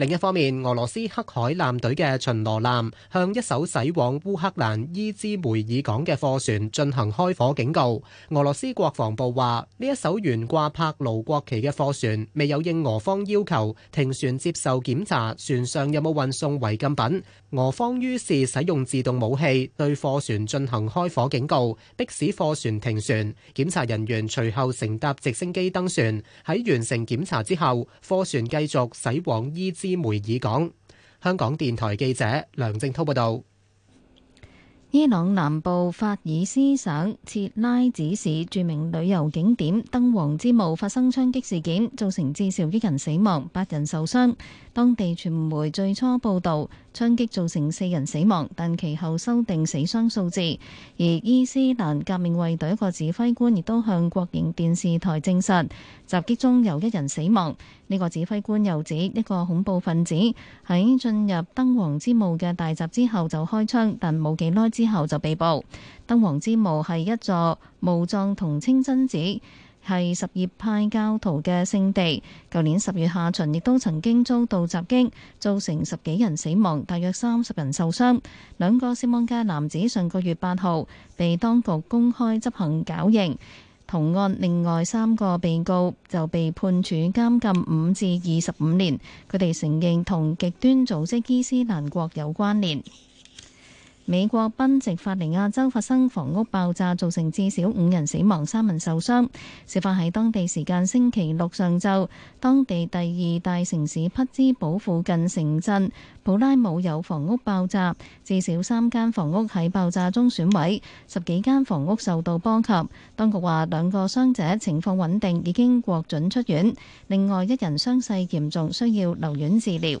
另一方面，俄羅斯黑海艦隊嘅巡邏艦向一艘駛往烏克蘭伊茲梅爾港嘅貨船進行開火警告。俄羅斯國防部話：呢一艘懸掛帕勞國旗嘅貨船未有應俄方要求停船接受檢查，船上有冇運送違禁品，俄方於是使用自動武器對貨船進行開火警告，迫使貨船停船。檢查人員隨後乘搭直升機登船。喺完成檢查之後，貨船繼續駛往伊茲梅爾港香港電台記者梁正濤報道：伊朗南部法爾斯省切拉子市著名旅遊景點燈王之墓發生槍擊事件，造成至少一人死亡，八人受傷。當地傳媒最初報導槍擊造成四人死亡，但其後修訂死傷數字。而伊斯蘭革命衛隊一個指揮官亦都向國營電視台證實，襲擊中有一人死亡。呢個指揮官又指一個恐怖分子喺進入燈王之墓嘅大閘之後就開槍，但冇幾耐之後就被捕。燈王之墓係一座墓葬同清真寺，係什葉派教徒嘅聖地，舊年十月下旬亦都曾經遭到襲擊，造成十幾人死亡，大約三十人受傷。兩個涉案嘅男子上個月八號被當局公開執行絞刑，同案另外三個被告就被判處監禁五至二十五年。佢哋承認同極端組織伊斯蘭國有關聯。美國賓夕法尼亞州發生房屋爆炸，造成至少五人死亡、三人受傷。事發喺當地時間星期六上晝，當地第二大城市匹茲堡附近城鎮普拉姆有房屋爆炸，至少三間房屋喺爆炸中損毀，十幾間房屋受到波及。當局話，兩個傷者情況穩定，已經獲准出院，另外一人傷勢嚴重，需要留院治療。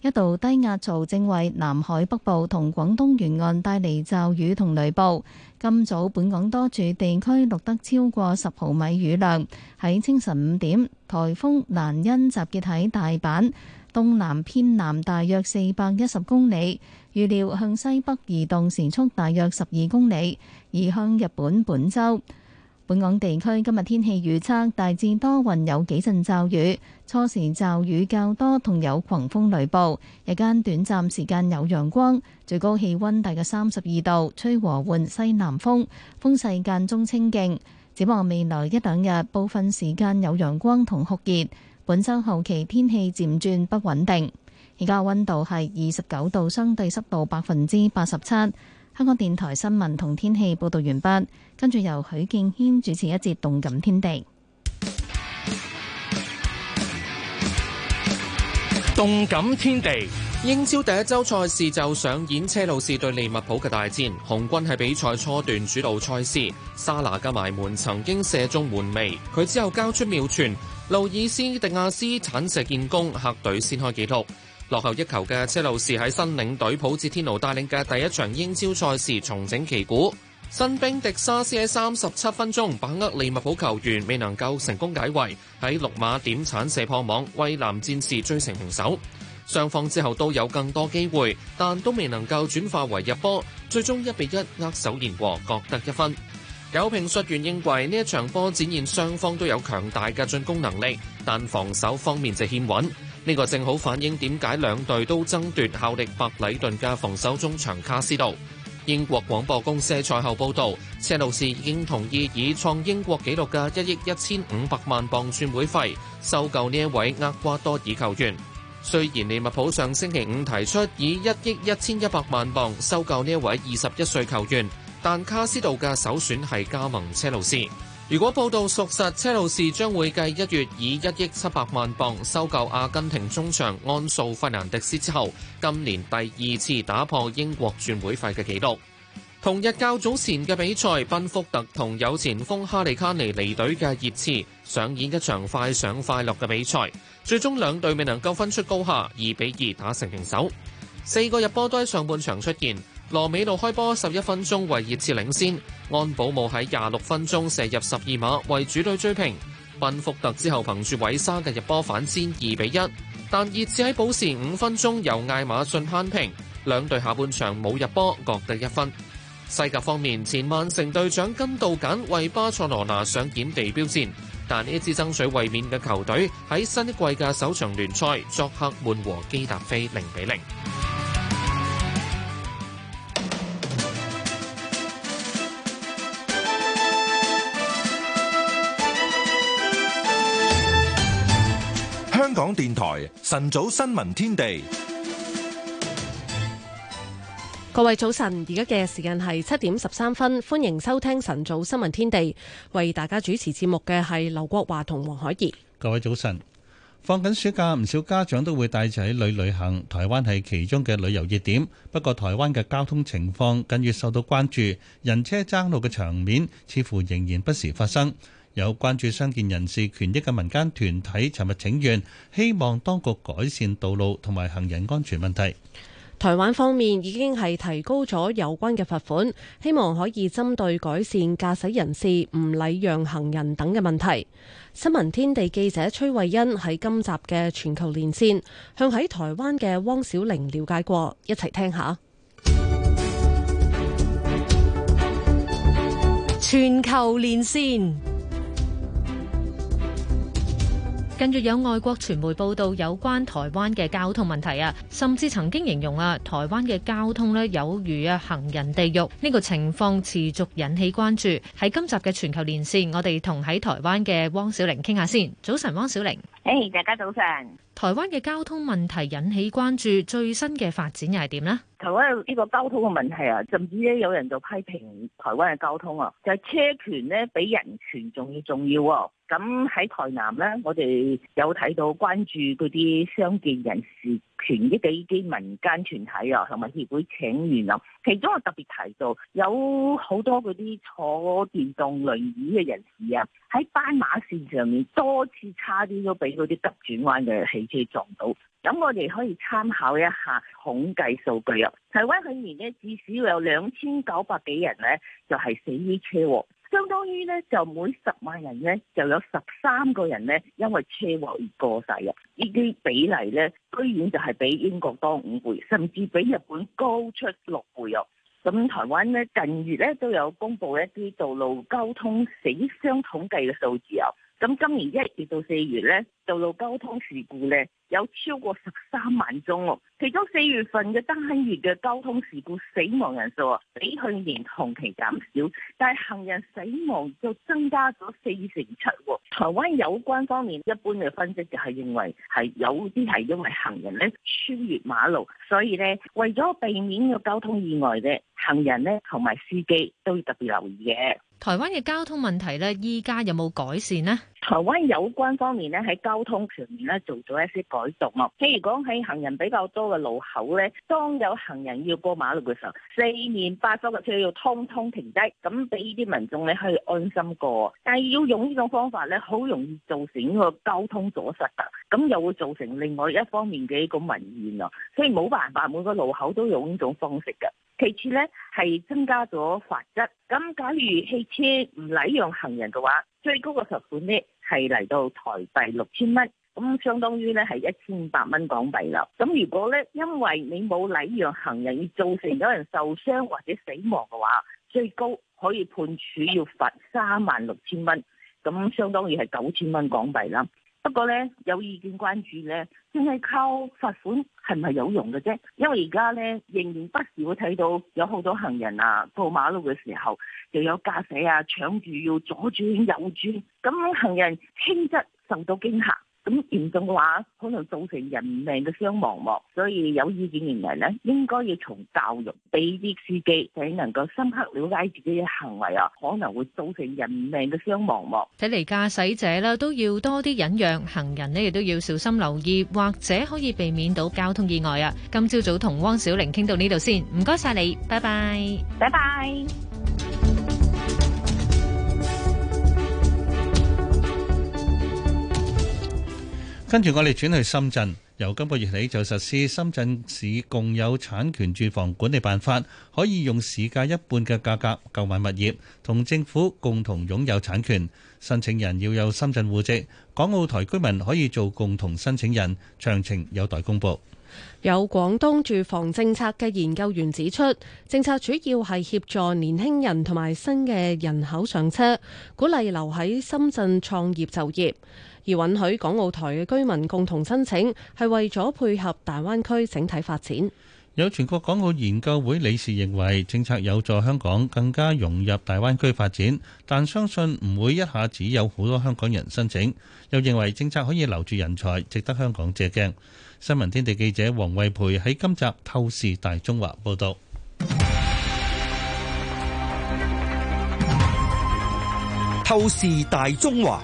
一道低壓槽正為南海北部同廣東沿岸帶嚟驟雨同雷暴。今早本港多處地區錄得超過十毫米雨量。喺清晨五點，颱風蘭恩集結喺大阪東南偏南大約四百一十公里，預料向西北移動，時速大約十二公里，移向日本本州。本港地區今日天氣預測，大致多雲，有幾陣驟雨，初時驟雨較多，同有狂風雷暴。日間短暫時間有陽光，最高氣温大概三十二度，吹和緩西南風，風勢間中清勁。展望未來一兩日，部分時間有陽光同酷熱。本周後期天氣漸轉不穩定。而家温度係二十九度，相對濕度百分之八十七。香港電台新聞同天氣報道完畢，跟住由許敬軒主持一節《動感天地》。《動感天地》英超第一周賽事就上演車路士對利物浦嘅大戰，紅軍喺比賽初段主導賽事，沙拿加埋門曾經射中門楣，佢之後交出妙傳，路易斯迪亞斯鏟射建功，客隊先開紀錄。落後一球嘅車路士喺新領隊普捷天奴帶領嘅第一場英超賽事重整旗鼓，新兵迪沙斯喺三十七分鐘把握利物浦球員未能夠成功解圍，喺六碼點鏟射破網，為藍戰士追成平手。雙方之後都有更多機會，但都未能夠轉化為入波，最終一比一握手言和，各得一分。有評述員認為呢一場波展現雙方都有強大嘅進攻能力，但防守方面就欠穩。呢個正好反映點解兩隊都爭奪效力白禮頓嘅防守中場卡斯道。英國廣播公司賽後報導，車路士已經同意以創英國紀錄嘅一億一千五百萬磅轉會費收購呢一位厄瓜多爾球員。雖然利物浦上星期五提出以一億一千一百萬磅收購呢一位二十一歲球員，但卡斯道嘅首選係加盟車路士。如果報道屬實，車路士將會繼一月以一億七百萬磅收購阿根廷中場安素費南迪斯之後，今年第二次打破英國轉會費嘅紀錄。同日較早前嘅比賽，賓福特同有前鋒哈利卡尼離隊嘅熱刺上演一場快上快落嘅比賽，最終兩隊未能夠分出高下，二比二打成平手。四個入波都喺上半場出現。羅美路開波十一分鐘為熱刺領先，安保姆喺廿六分鐘射入十二碼為主隊追平，賓福特之後憑住韋沙嘅入波反先二比一，但熱刺喺補時五分鐘由艾馬遜扳平，兩隊下半場冇入波各得一分。西甲方面，前曼城隊長根道簡為巴塞羅那上演地標戰，但呢支爭取衛冕嘅球隊喺新一季嘅首場聯賽作客悶和基達菲零比零。港電台晨早新聞天地，各位早晨，而家嘅時間係七點十三分，歡迎收聽晨早新聞天地，為大家主持節目嘅係劉國華同黃海怡。各位早晨，放緊暑假，唔少家長都會帶仔女旅、旅行，台灣係其中嘅旅遊熱點。不過，台灣嘅交通情況近月受到關注，人車爭路嘅場面似乎仍然不時發生。有關注傷健人士權益嘅民間團體尋日請願，希望當局改善道路同埋行人安全問題。台灣方面已經係提高咗有關嘅罰款，希望可以針對改善駕駛人士唔禮讓行人等嘅問題。新聞天地記者崔慧欣喺今集嘅全球連線，向喺台灣嘅汪小玲了解過，一齊聽下。全球連線。近日有外國傳媒報道有關台灣嘅交通問題啊，甚至曾經形容啊台灣嘅交通呢有如啊行人地獄。呢個情況持續引起關注。喺今集嘅全球連線，我哋同喺台灣嘅汪小玲傾下先。早晨，汪小玲。誒，Hey, 大家早晨。台灣嘅交通問題引起關注，最新嘅發展又係點呢？台灣呢個交通嘅問題啊，甚至咧有人就批評台灣嘅交通啊，就係、是、車權咧比人權仲要重要喎。咁喺台南呢，我哋有睇到關注嗰啲傷健人士權益嘅幾啲民間團體啊，同埋協會請願啊。其中我特別提到有好多嗰啲坐電動輪椅嘅人士啊，喺斑馬線上面多次差啲都俾嗰啲急轉彎嘅車似撞到，咁我哋可以參考一下統計數據啊。台灣去年咧至少有兩千九百幾人咧，就係死於車禍，相當於咧就每十萬人咧就有十三個人咧因為車禍而過世啊！呢啲比例咧居然就係比英國多五倍，甚至比日本高出六倍哦。咁台灣咧近月咧都有公布一啲道路交通死傷統計嘅數字啊。咁今年一月到四月咧，道路交通事故咧有超過十三萬宗。其中四月份嘅單月嘅交通事故死亡人數啊，比去年同期減少，但係行人死亡就增加咗四成七。台灣有關方面一般嘅分析就係認為係有啲係因為行人咧穿越馬路，所以咧為咗避免個交通意外咧，行人咧同埋司機都要特別留意嘅。台灣嘅交通問題咧，而家有冇改善呢？台灣有關方面咧喺交通全面咧做咗一些改動啊，譬如講喺行人比較多嘅路口咧，當有行人要過馬路嘅時候，四面八方嘅車要通通停低，咁俾呢啲民眾咧可以安心過。但係要用呢種方法咧，好容易造成一個交通阻塞，咁又會造成另外一方面嘅一個民怨啊，所以冇辦法，每個路口都用呢種方式嘅。其次咧係增加咗法則，咁假如汽車唔禮讓行人嘅話，最高個罰款呢係嚟到台幣六千蚊，咁相當於呢係一千五百蚊港幣啦。咁如果呢，因為你冇禮讓行人，而造成有人受傷或者死亡嘅話，最高可以判處要罰三萬六千蚊，咁相當於係九千蚊港幣啦。不過呢，有意見關注呢，淨係靠罰款係唔係有用嘅啫？因為而家呢，仍然不時會睇到有好多行人啊，過馬路嘅時候，又有駕駛啊搶住要左轉右轉，咁行人輕則受到驚嚇。咁嚴重嘅話，可能造成人命嘅傷亡喎。所以有意見認為呢，應該要從教育俾啲司機，使能夠深刻了解自己嘅行為啊，可能會造成人命嘅傷亡喎。睇嚟駕駛者呢都要多啲忍讓，行人呢亦都要小心留意，或者可以避免到交通意外啊。今朝早同汪小玲傾到呢度先，唔該晒你，拜拜，拜拜。跟住我哋轉去深圳，由今個月起就實施深圳市共有產權住房管理辦法，可以用市價一半嘅價格購買物業，同政府共同擁有產權。申請人要有深圳戶籍，港澳台居民可以做共同申請人，詳情有待公布。有廣東住房政策嘅研究員指出，政策主要係協助年輕人同埋新嘅人口上車，鼓勵留喺深圳創業就業。而允許港澳台嘅居民共同申請，係為咗配合大灣區整體發展。有全國港澳研究會理事認為政策有助香港更加融入大灣區發展，但相信唔會一下子有好多香港人申請，又認為政策可以留住人才，值得香港借鏡。新聞天地記者黃慧培喺今集《透視大中華》報道，《透視大中華》。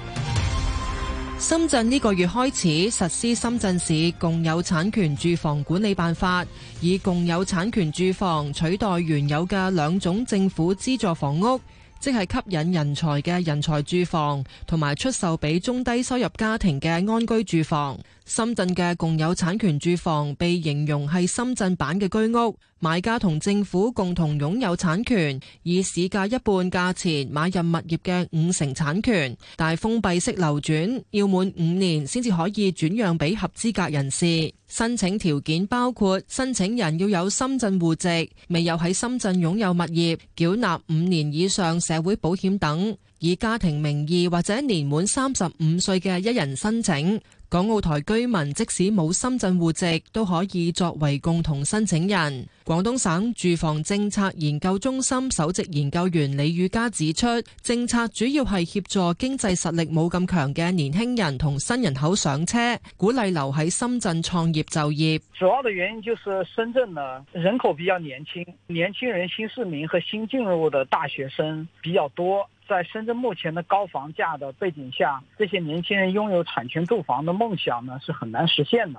深圳呢個月開始實施《深圳市共有產權住房管理辦法》，以共有產權住房取代原有嘅兩種政府資助房屋，即係吸引人才嘅人才住房，同埋出售俾中低收入家庭嘅安居住房。深圳嘅共有產權住房被形容係深圳版嘅居屋，買家同政府共同擁有產權，以市價一半價錢買入物業嘅五成產權，但封閉式流轉，要滿五年先至可以轉讓俾合資格人士。申請條件包括申請人要有深圳戶籍，未有喺深圳擁有物業，繳納五年以上社會保險等，以家庭名義或者年滿三十五歲嘅一人申請。港澳台居民即使冇深圳戶籍，都可以作為共同申請人。廣東省住房政策研究中心首席研究員李宇嘉指出，政策主要係協助經濟實力冇咁強嘅年輕人同新人口上車，鼓勵留喺深圳創業就業。主要嘅原因就是深圳呢人口比較年輕，年輕人、新市民和新進入的大學生比較多。在深圳目前的高房價的背景下，這些年輕人擁有產權購房的夢想呢是很難實現的。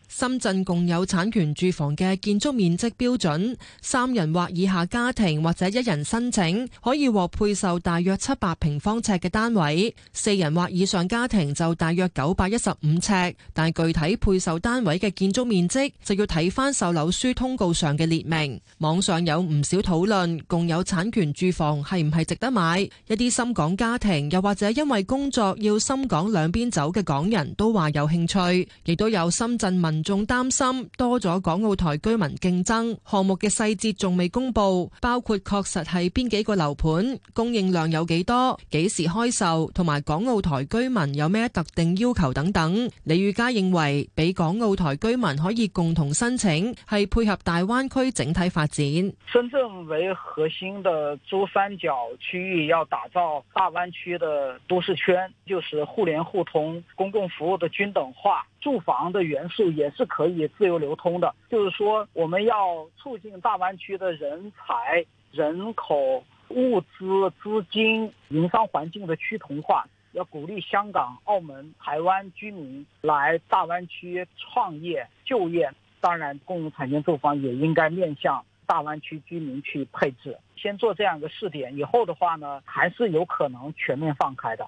深圳共有產權住房嘅建築面積標準，三人或以下家庭或者一人申請可以獲配售大約七百平方尺嘅單位，四人或以上家庭就大約九百一十五尺。但具體配售單位嘅建築面積就要睇翻售樓書通告上嘅列明。網上有唔少討論共有產權住房係唔係值得買，一啲深港家庭又或者因為工作要深港兩邊走嘅港人都話有興趣，亦都有深圳問。仲擔心多咗港澳台居民競爭，項目嘅細節仲未公布，包括確實係邊幾個樓盤、供應量有幾多、幾時開售，同埋港澳台居民有咩特定要求等等。李宇嘉認為，俾港澳台居民可以共同申請，係配合大灣區整體發展。深圳為核心的珠三角區域要打造大灣區的都市圈，就是互聯互通、公共服務的均等化。住房的元素也是可以自由流通的，就是說我們要促進大灣區的人才、人口、物資、資金、營商環境的趨同化，要鼓勵香港、澳門、台灣居民來大灣區創業、就業。當然，共有產權住房也應該面向大灣區居民去配置，先做這樣一個試點，以後的話呢，還是有可能全面放開的。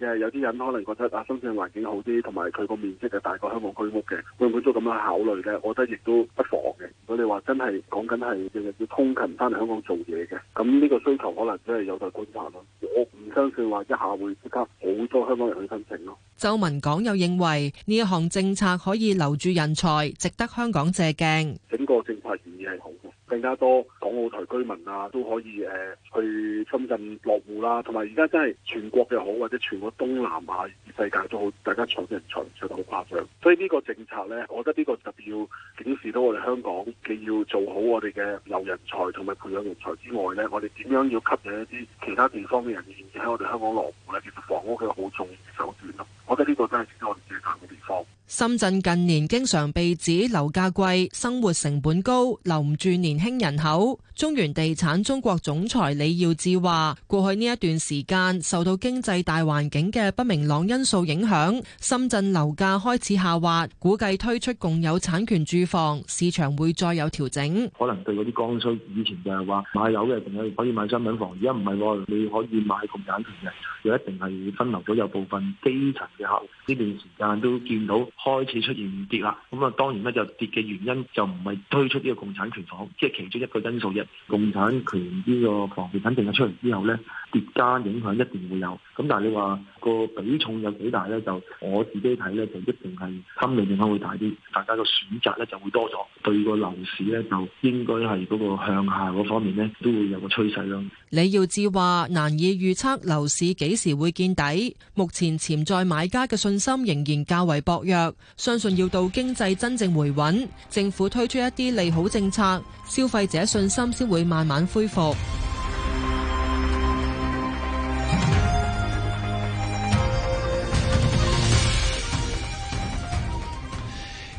嘅有啲人可能覺得啊，深圳環境好啲，同埋佢個面積就大過香港居屋嘅，會唔會都咁樣考慮咧？我覺得亦都不妨嘅。如果你話真係講緊係日日要通勤翻嚟香港做嘢嘅，咁呢個需求可能真係有待觀察咯。我唔相信話一下會即刻好多香港人去申請咯。周文港又認為呢一項政策可以留住人才，值得香港借鏡。整個政策意義係好。更加多港澳台居民啊，都可以誒、呃、去深圳落戶啦，同埋而家真係全國嘅好，或者全國東南亞世界都好，大家搶人才，搶得好誇張。所以呢個政策咧，我覺得呢個特別要警示到我哋香港既要做好我哋嘅留人才同埋培養人才之外咧，我哋點樣要吸引一啲其他地方嘅人願意喺我哋香港落戶咧？其實房屋佢好重要手段咯。我覺得呢個真係值得我哋注意嘅地方。深圳近年經常被指樓價貴、生活成本高、留唔住年輕人口。中原地產中國總裁李耀智話：過去呢一段時間受到經濟大環境嘅不明朗因素影響，深圳樓價開始下滑。估計推出共有產權住房，市場會再有調整。可能對嗰啲剛需，以前就係話買樓嘅朋友可以買商品房，而家唔係，你可以買共產權嘅，又一定係分流咗有部分基層嘅客戶。呢段時間都見到。開始出現跌啦，咁啊當然咧就跌嘅原因就唔係推出呢個共產權房，即係其中一個因素，一共產權呢個房地產政策出嚟之後咧。疊加影響一定會有，咁但係你話個比重有幾大咧？就我自己睇咧，就一定係心理影響會大啲，大家個選擇咧就會多咗，對個樓市咧就應該，係嗰個向下嗰方面咧都會有個趨勢咯。李耀智話難以預測樓市幾時會見底，目前潛在買家嘅信心仍然較為薄弱，相信要到經濟真正回穩，政府推出一啲利好政策，消費者信心先會慢慢恢復。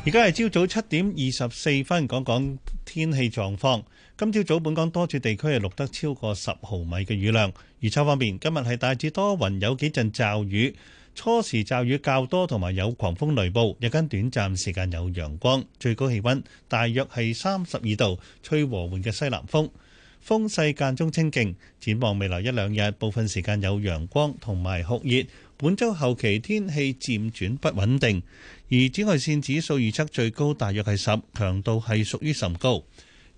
而家係朝早七點二十四分，講講天氣狀況。今朝早，早本港多處地區係錄得超過十毫米嘅雨量。預測方面，今日係大致多雲，有幾陣驟雨，初時驟雨較多，同埋有狂風雷暴，日間短暫時間有陽光。最高氣温大約係三十二度，吹和緩嘅西南風，風勢間中清勁。展望未來一兩日，部分時間有陽光同埋酷熱。本周後期天氣漸轉不穩定，而紫外線指數預測最高大約係十，強度係屬於甚高。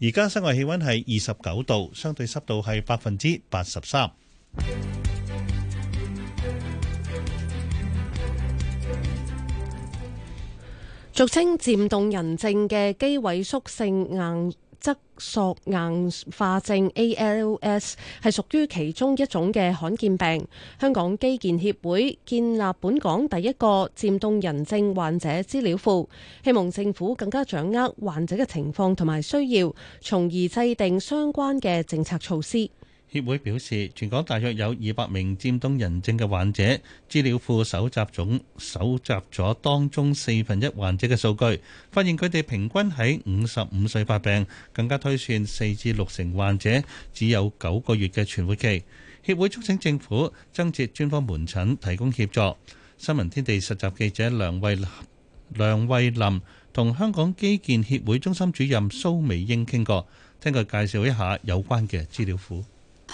而家室外氣溫係二十九度，相對濕度係百分之八十三。俗稱漸凍人症嘅肌萎縮性硬側索硬化症 （ALS） 係屬於其中一種嘅罕見病。香港基建協會建立本港第一個漸凍人症患者資料庫，希望政府更加掌握患者嘅情況同埋需要，從而制定相關嘅政策措施。協會表示，全港大約有二百名漸凍人症嘅患者資料庫搜集總蒐集咗當中四分一患者嘅數據，發現佢哋平均喺五十五歲發病，更加推算四至六成患者只有九個月嘅存活期。協會促請政府增設專科門,門診，提供協助。新聞天地實習記者梁慧林梁慧林同香港基建協會中心主任蘇美英傾過，聽佢介紹一下有關嘅資料庫。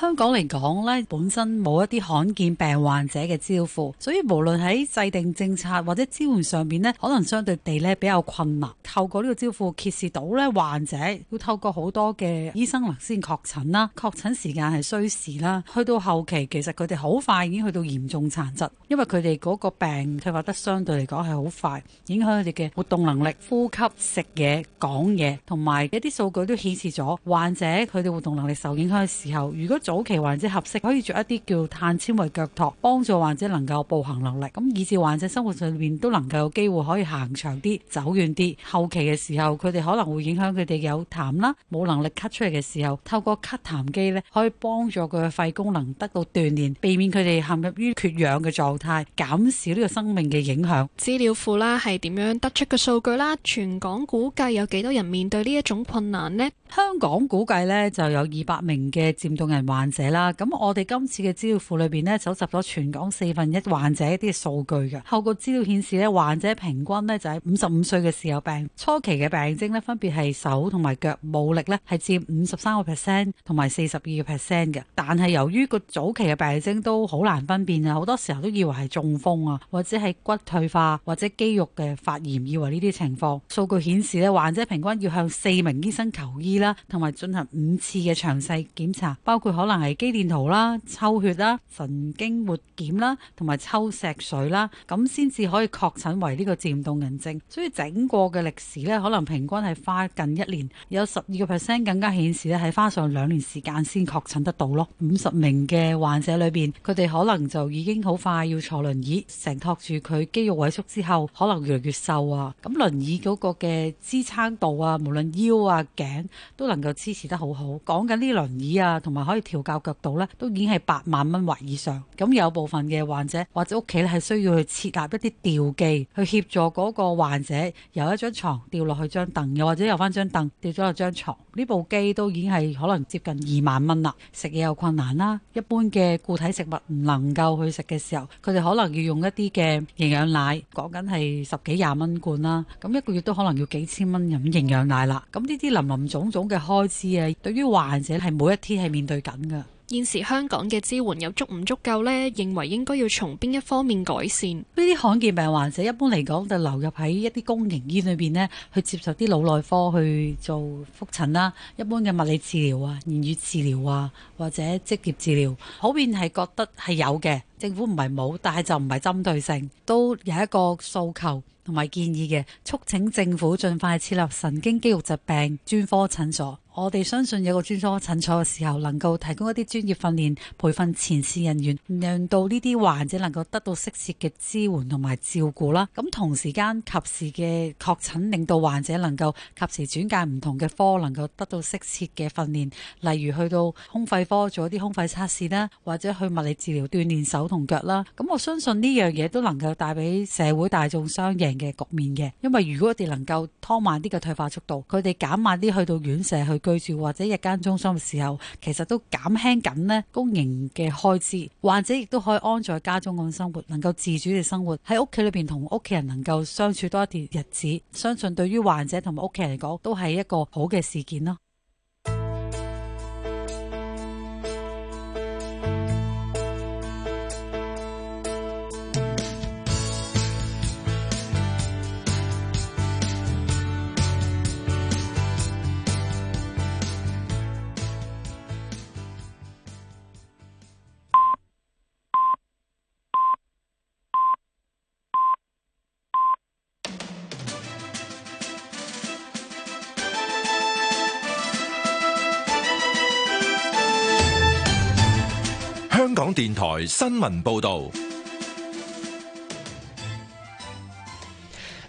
香港嚟講咧，本身冇一啲罕見病患者嘅招呼，所以無論喺制定政策或者支援上面，咧，可能相對地咧比較困難。透過呢個招呼，揭示到咧患者，要透過好多嘅醫生能先確診啦，確診時間係需時啦。去到後期，其實佢哋好快已經去到嚴重殘疾，因為佢哋嗰個病退化得相對嚟講係好快，影響佢哋嘅活動能力、呼吸、食嘢、講嘢，同埋一啲數據都顯示咗患者佢哋活動能力受影響嘅時候，如果早期患者合適可以着一啲叫碳纖維腳托，幫助患者能夠步行能力，咁以致患者生活上面都能夠有機會可以行長啲、走遠啲。後期嘅時候，佢哋可能會影響佢哋有痰啦，冇能力咳出嚟嘅時候，透過咳痰機呢，可以幫助佢嘅肺功能得到鍛煉，避免佢哋陷入於缺氧嘅狀態，減少呢個生命嘅影響。資料庫啦，係點樣得出嘅數據啦？全港估計有幾多人面對呢一種困難呢？香港估計呢，就有二百名嘅漸凍人患。患者啦，咁我哋今次嘅資料庫裏邊呢，搜集咗全港四分一患者啲數據嘅。後個資料顯示呢，患者平均呢，就喺五十五歲嘅時候病初期嘅病徵呢，分別係手同埋腳冇力咧，係佔五十三個 percent 同埋四十二個 percent 嘅。但係由於個早期嘅病徵都好難分辨啊，好多時候都以為係中風啊，或者係骨退化或者肌肉嘅發炎，以為呢啲情況。數據顯示呢，患者平均要向四名醫生求醫啦，同埋進行五次嘅詳細檢查，包括。可能係肌電圖啦、抽血啦、神經活檢啦，同埋抽石水啦，咁先至可以確診為呢個漸凍人症。所以整個嘅歷史咧，可能平均係花近一年，有十二個 percent 更加顯示咧，係花上兩年時間先確診得到咯。五十名嘅患者裏邊，佢哋可能就已經好快要坐輪椅，成托住佢肌肉萎縮之後，可能越嚟越瘦啊。咁輪椅嗰個嘅支撐度啊，無論腰啊、頸都能夠支持得好好。講緊啲輪椅啊，同埋可以。調教角度咧，都已經係八萬蚊或以上。咁有部分嘅患者或者屋企咧，係需要去設立一啲吊機，去協助嗰個患者由一張床吊落去張凳，又或者由翻張凳吊咗落張床。呢部機都已經係可能接近二萬蚊啦。食嘢又困難啦，一般嘅固體食物唔能夠去食嘅時候，佢哋可能要用一啲嘅營養奶，講緊係十幾廿蚊罐啦。咁一個月都可能要幾千蚊飲營養奶啦。咁呢啲林林總總嘅開支啊，對於患者係每一天係面對緊。現時香港嘅支援又足唔足夠呢？認為應該要從邊一方面改善？呢啲罕見病患者一般嚟講就流入喺一啲公營醫院裏邊呢去接受啲腦內科去做復診啦，一般嘅物理治療啊、言語治療啊或者職業治療，普遍係覺得係有嘅。政府唔係冇，但係就唔係針對性，都有一個訴求同埋建議嘅，促請政府盡快設立神經肌肉疾病專科診所。我哋相信有個專科診所嘅時候，能夠提供一啲專業訓練，培訓前線人員，令到呢啲患者能夠得到適切嘅支援同埋照顧啦。咁同時間，及時嘅確診，令到患者能夠及時轉介唔同嘅科，能夠得到適切嘅訓練，例如去到胸肺科做一啲胸肺測試啦，或者去物理治療鍛煉手。同腳啦，咁我相信呢樣嘢都能夠帶俾社會大眾雙贏嘅局面嘅，因為如果我哋能夠拖慢啲嘅退化速度，佢哋減慢啲去到院舍去居住或者日間中心嘅時候，其實都減輕緊咧公營嘅開支，患者亦都可以安在家中咁生活，能夠自主地生活喺屋企裏邊同屋企人能夠相處多一段日子，相信對於患者同埋屋企人嚟講，都係一個好嘅事件咯。電台新聞報道，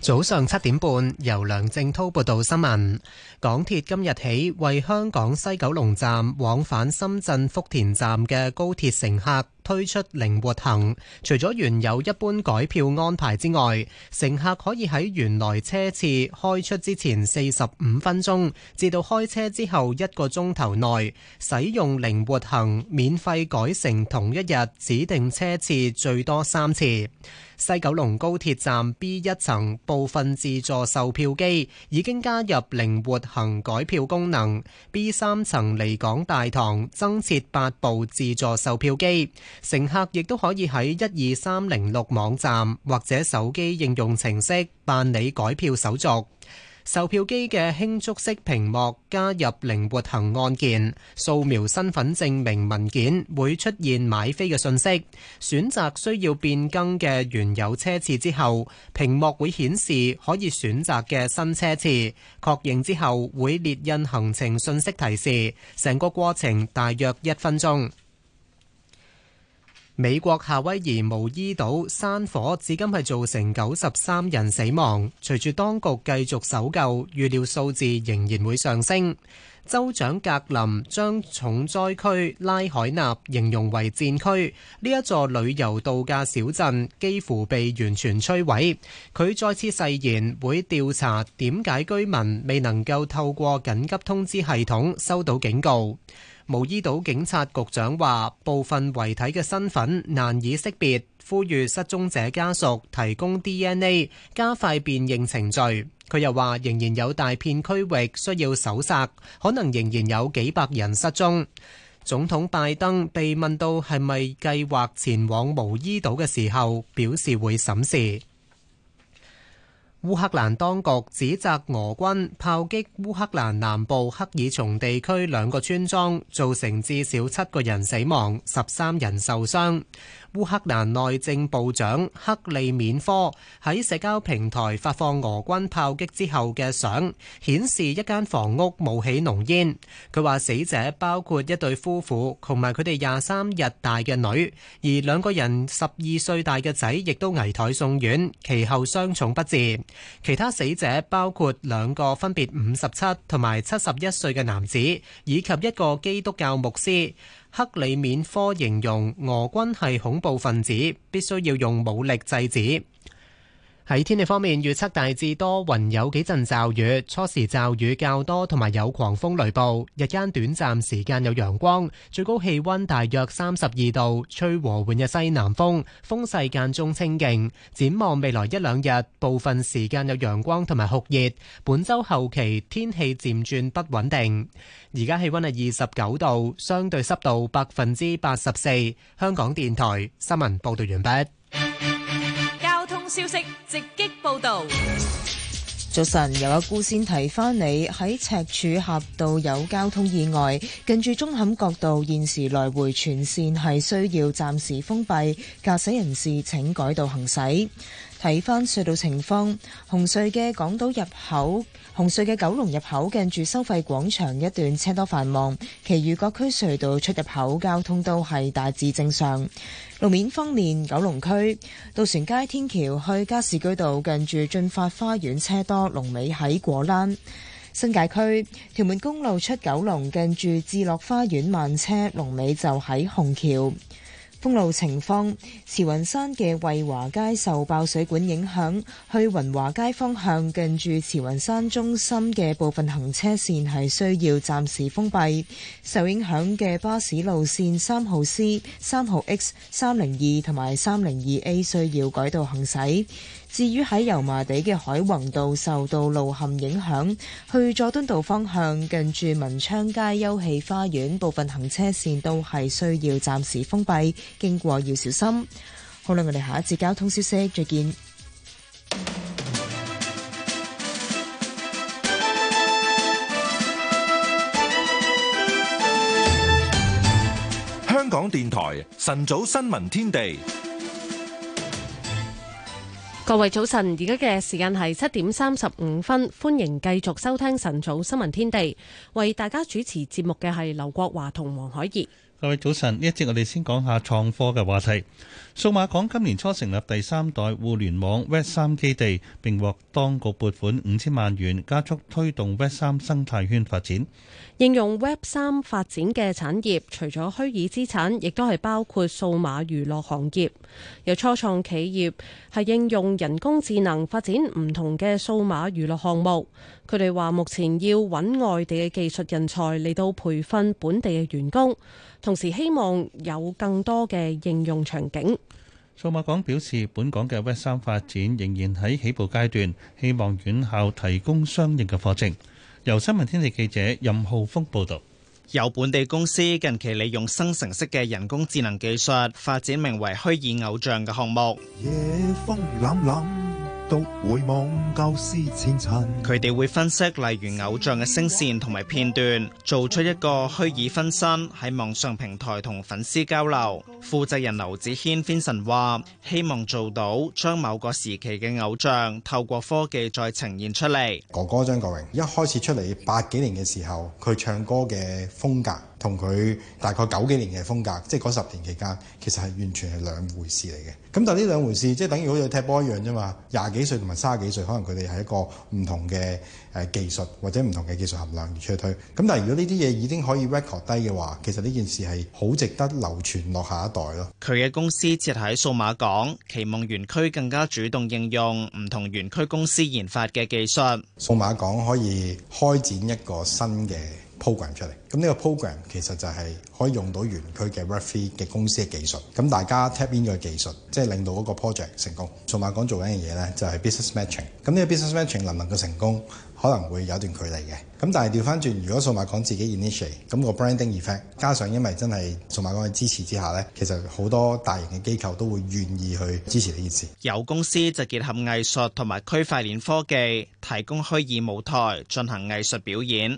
早上七點半，由梁正濤報道新聞，港鐵今日起為香港西九龍站往返深圳福田站的高鐵乘客推出靈活行，除咗原有一般改票安排之外，乘客可以喺原來車次開出之前四十五分鐘，至到開車之後一個鐘頭內，使用靈活行免費改乘同一日指定車次最多三次。西九龍高鐵站 B 一層部分自助售票機已經加入靈活行改票功能，B 三層離港大堂增設八部自助售票機，乘客亦都可以喺一二三零六網站或者手機應用程式辦理改票手續。售票機嘅輕觸式屏幕加入靈活行按鍵，掃描身份證明文件會出現買飛嘅信息。選擇需要變更嘅原有車次之後，屏幕會顯示可以選擇嘅新車次。確認之後會列印行程信息提示，成個過程大約一分鐘。美國夏威夷毛伊島山火至今係造成九十三人死亡，隨住當局繼續搜救，預料數字仍然會上升。州長格林將重災區拉海納形容為戰區，呢一座旅遊度假小鎮幾乎被完全摧毀。佢再次誓言會調查點解居民未能夠透過緊急通知系統收到警告。毛伊島警察局長話：部分遺體嘅身份難以識別。呼籲失蹤者家屬提供 DNA，加快辨認程序。佢又話，仍然有大片區域需要搜查，可能仍然有幾百人失蹤。總統拜登被問到係咪計劃前往毛伊島嘅時候，表示會審視。烏克蘭當局指責俄軍炮擊烏克蘭南部克爾松地區兩個村莊，造成至少七個人死亡，十三人受傷。烏克蘭內政部長克利緬科喺社交平台發放俄軍炮擊之後嘅相，顯示一間房屋冒起濃煙。佢話死者包括一對夫婦同埋佢哋廿三日大嘅女，而兩個人十二歲大嘅仔亦都危殆送院，其後傷重不治。其他死者包括兩個分別五十七同埋七十一歲嘅男子，以及一個基督教牧師。克里勉科形容俄軍係恐怖分子，必須要用武力制止。喺天氣方面預測大致多雲，有幾陣驟雨，初時驟雨較多，同埋有狂風雷暴。日間短暫時間有陽光，最高氣溫大約三十二度，吹和緩嘅西南風，風勢間中清勁。展望未來一兩日，部分時間有陽光同埋酷熱。本周後期天氣漸轉不穩定。而家氣溫係二十九度，相對濕度百分之八十四。香港電台新聞報道完畢。消息直擊報道。早晨，有阿姑先提翻你，喺赤柱峽道有交通意外，近住中坎角道，現時來回全線係需要暫時封閉，駕駛人士請改道行駛。睇翻隧道情況，紅隧嘅港島入口、紅隧嘅九龍入口，近住收費廣場一段車多繁忙，其餘各區隧道出入口交通都係大致正常。路面方面，九龍區渡船街天橋去加士居道近住駿發花園車多，龍尾喺果欄；新界區屯門公路出九龍近住置樂花園慢車，龍尾就喺虹橋。封路情況，慈雲山嘅惠華街受爆水管影響，去雲華街方向近住慈雲山中心嘅部分行車線係需要暫時封閉。受影響嘅巴士路線三號 C、三號 X、三零二同埋三零二 A 需要改道行駛。至於喺油麻地嘅海泓道受到路陷影響，去佐敦道方向近住文昌街休憩花園部分行車線都係需要暫時封閉，經過要小心。好啦，我哋下一節交通消息再見。香港電台晨早新聞天地。各位早晨，而家嘅時間係七點三十五分，歡迎繼續收聽晨早新聞天地，為大家主持節目嘅係劉國華同黃海怡。各位早晨，呢一節我哋先講下創科嘅話題。數碼港今年初成立第三代互聯網 Web 三基地，並獲當局撥款五千萬元，加速推動 Web 三生態圈發展。應用 Web 三發展嘅產業除咗虛擬資產亦都係包括數碼娛樂行業，有初創企業，係應用人工智能發展唔同嘅數碼娛樂項目。佢哋話目前要揾外地嘅技術人才嚟到培訓本地嘅員工。同時，希望有更多嘅應用場景。數碼港表示，本港嘅 Web 三發展仍然喺起步階段，希望院校提供相應嘅課程。由新聞天地記者任浩峯報道。有本地公司近期利用生成式嘅人工智能技術，發展名為虛擬偶像嘅項目。佢哋會分析例如偶像嘅聲線同埋片段，做出一個虛擬分身喺網上平台同粉絲交流。負責人劉子謙 Vincent 話：希望做到將某個時期嘅偶像透過科技再呈現出嚟。哥哥張國榮一開始出嚟八幾年嘅時候，佢唱歌嘅風格同佢大概九幾年嘅風格，即係嗰十年期間，其實係完全係兩回事嚟嘅。咁但係呢兩回事，即係等於好似踢波一樣啫嘛。廿幾歲同埋卅幾歲，可能佢哋係一個唔同嘅誒技術或者唔同嘅技術含量而出去推，咁但係如果呢啲嘢已經可以 record 低嘅話，其實呢件事係好值得流傳落下一代咯。佢嘅公司設喺數碼港，期望園區更加主動應用唔同園區公司研發嘅技術。數碼港可以開展一個新嘅 program 出嚟，咁呢個 program 其實就係可以用到園區嘅 Web3 嘅公司嘅技術，咁大家 tap in 嘅技術，即係令到嗰個 project 成功。數碼港做緊嘢呢，就係 business matching。咁呢個 business matching 能唔能夠成功，可能會有段距離嘅。咁但係調翻轉，如果數碼港自己 initiate，咁個 branding effect 加上，因為真係數碼港嘅支持之下呢，其實好多大型嘅機構都會願意去支持呢件事。有公司就結合藝術同埋區塊鏈科技，提供虛擬舞台，進行藝術表演。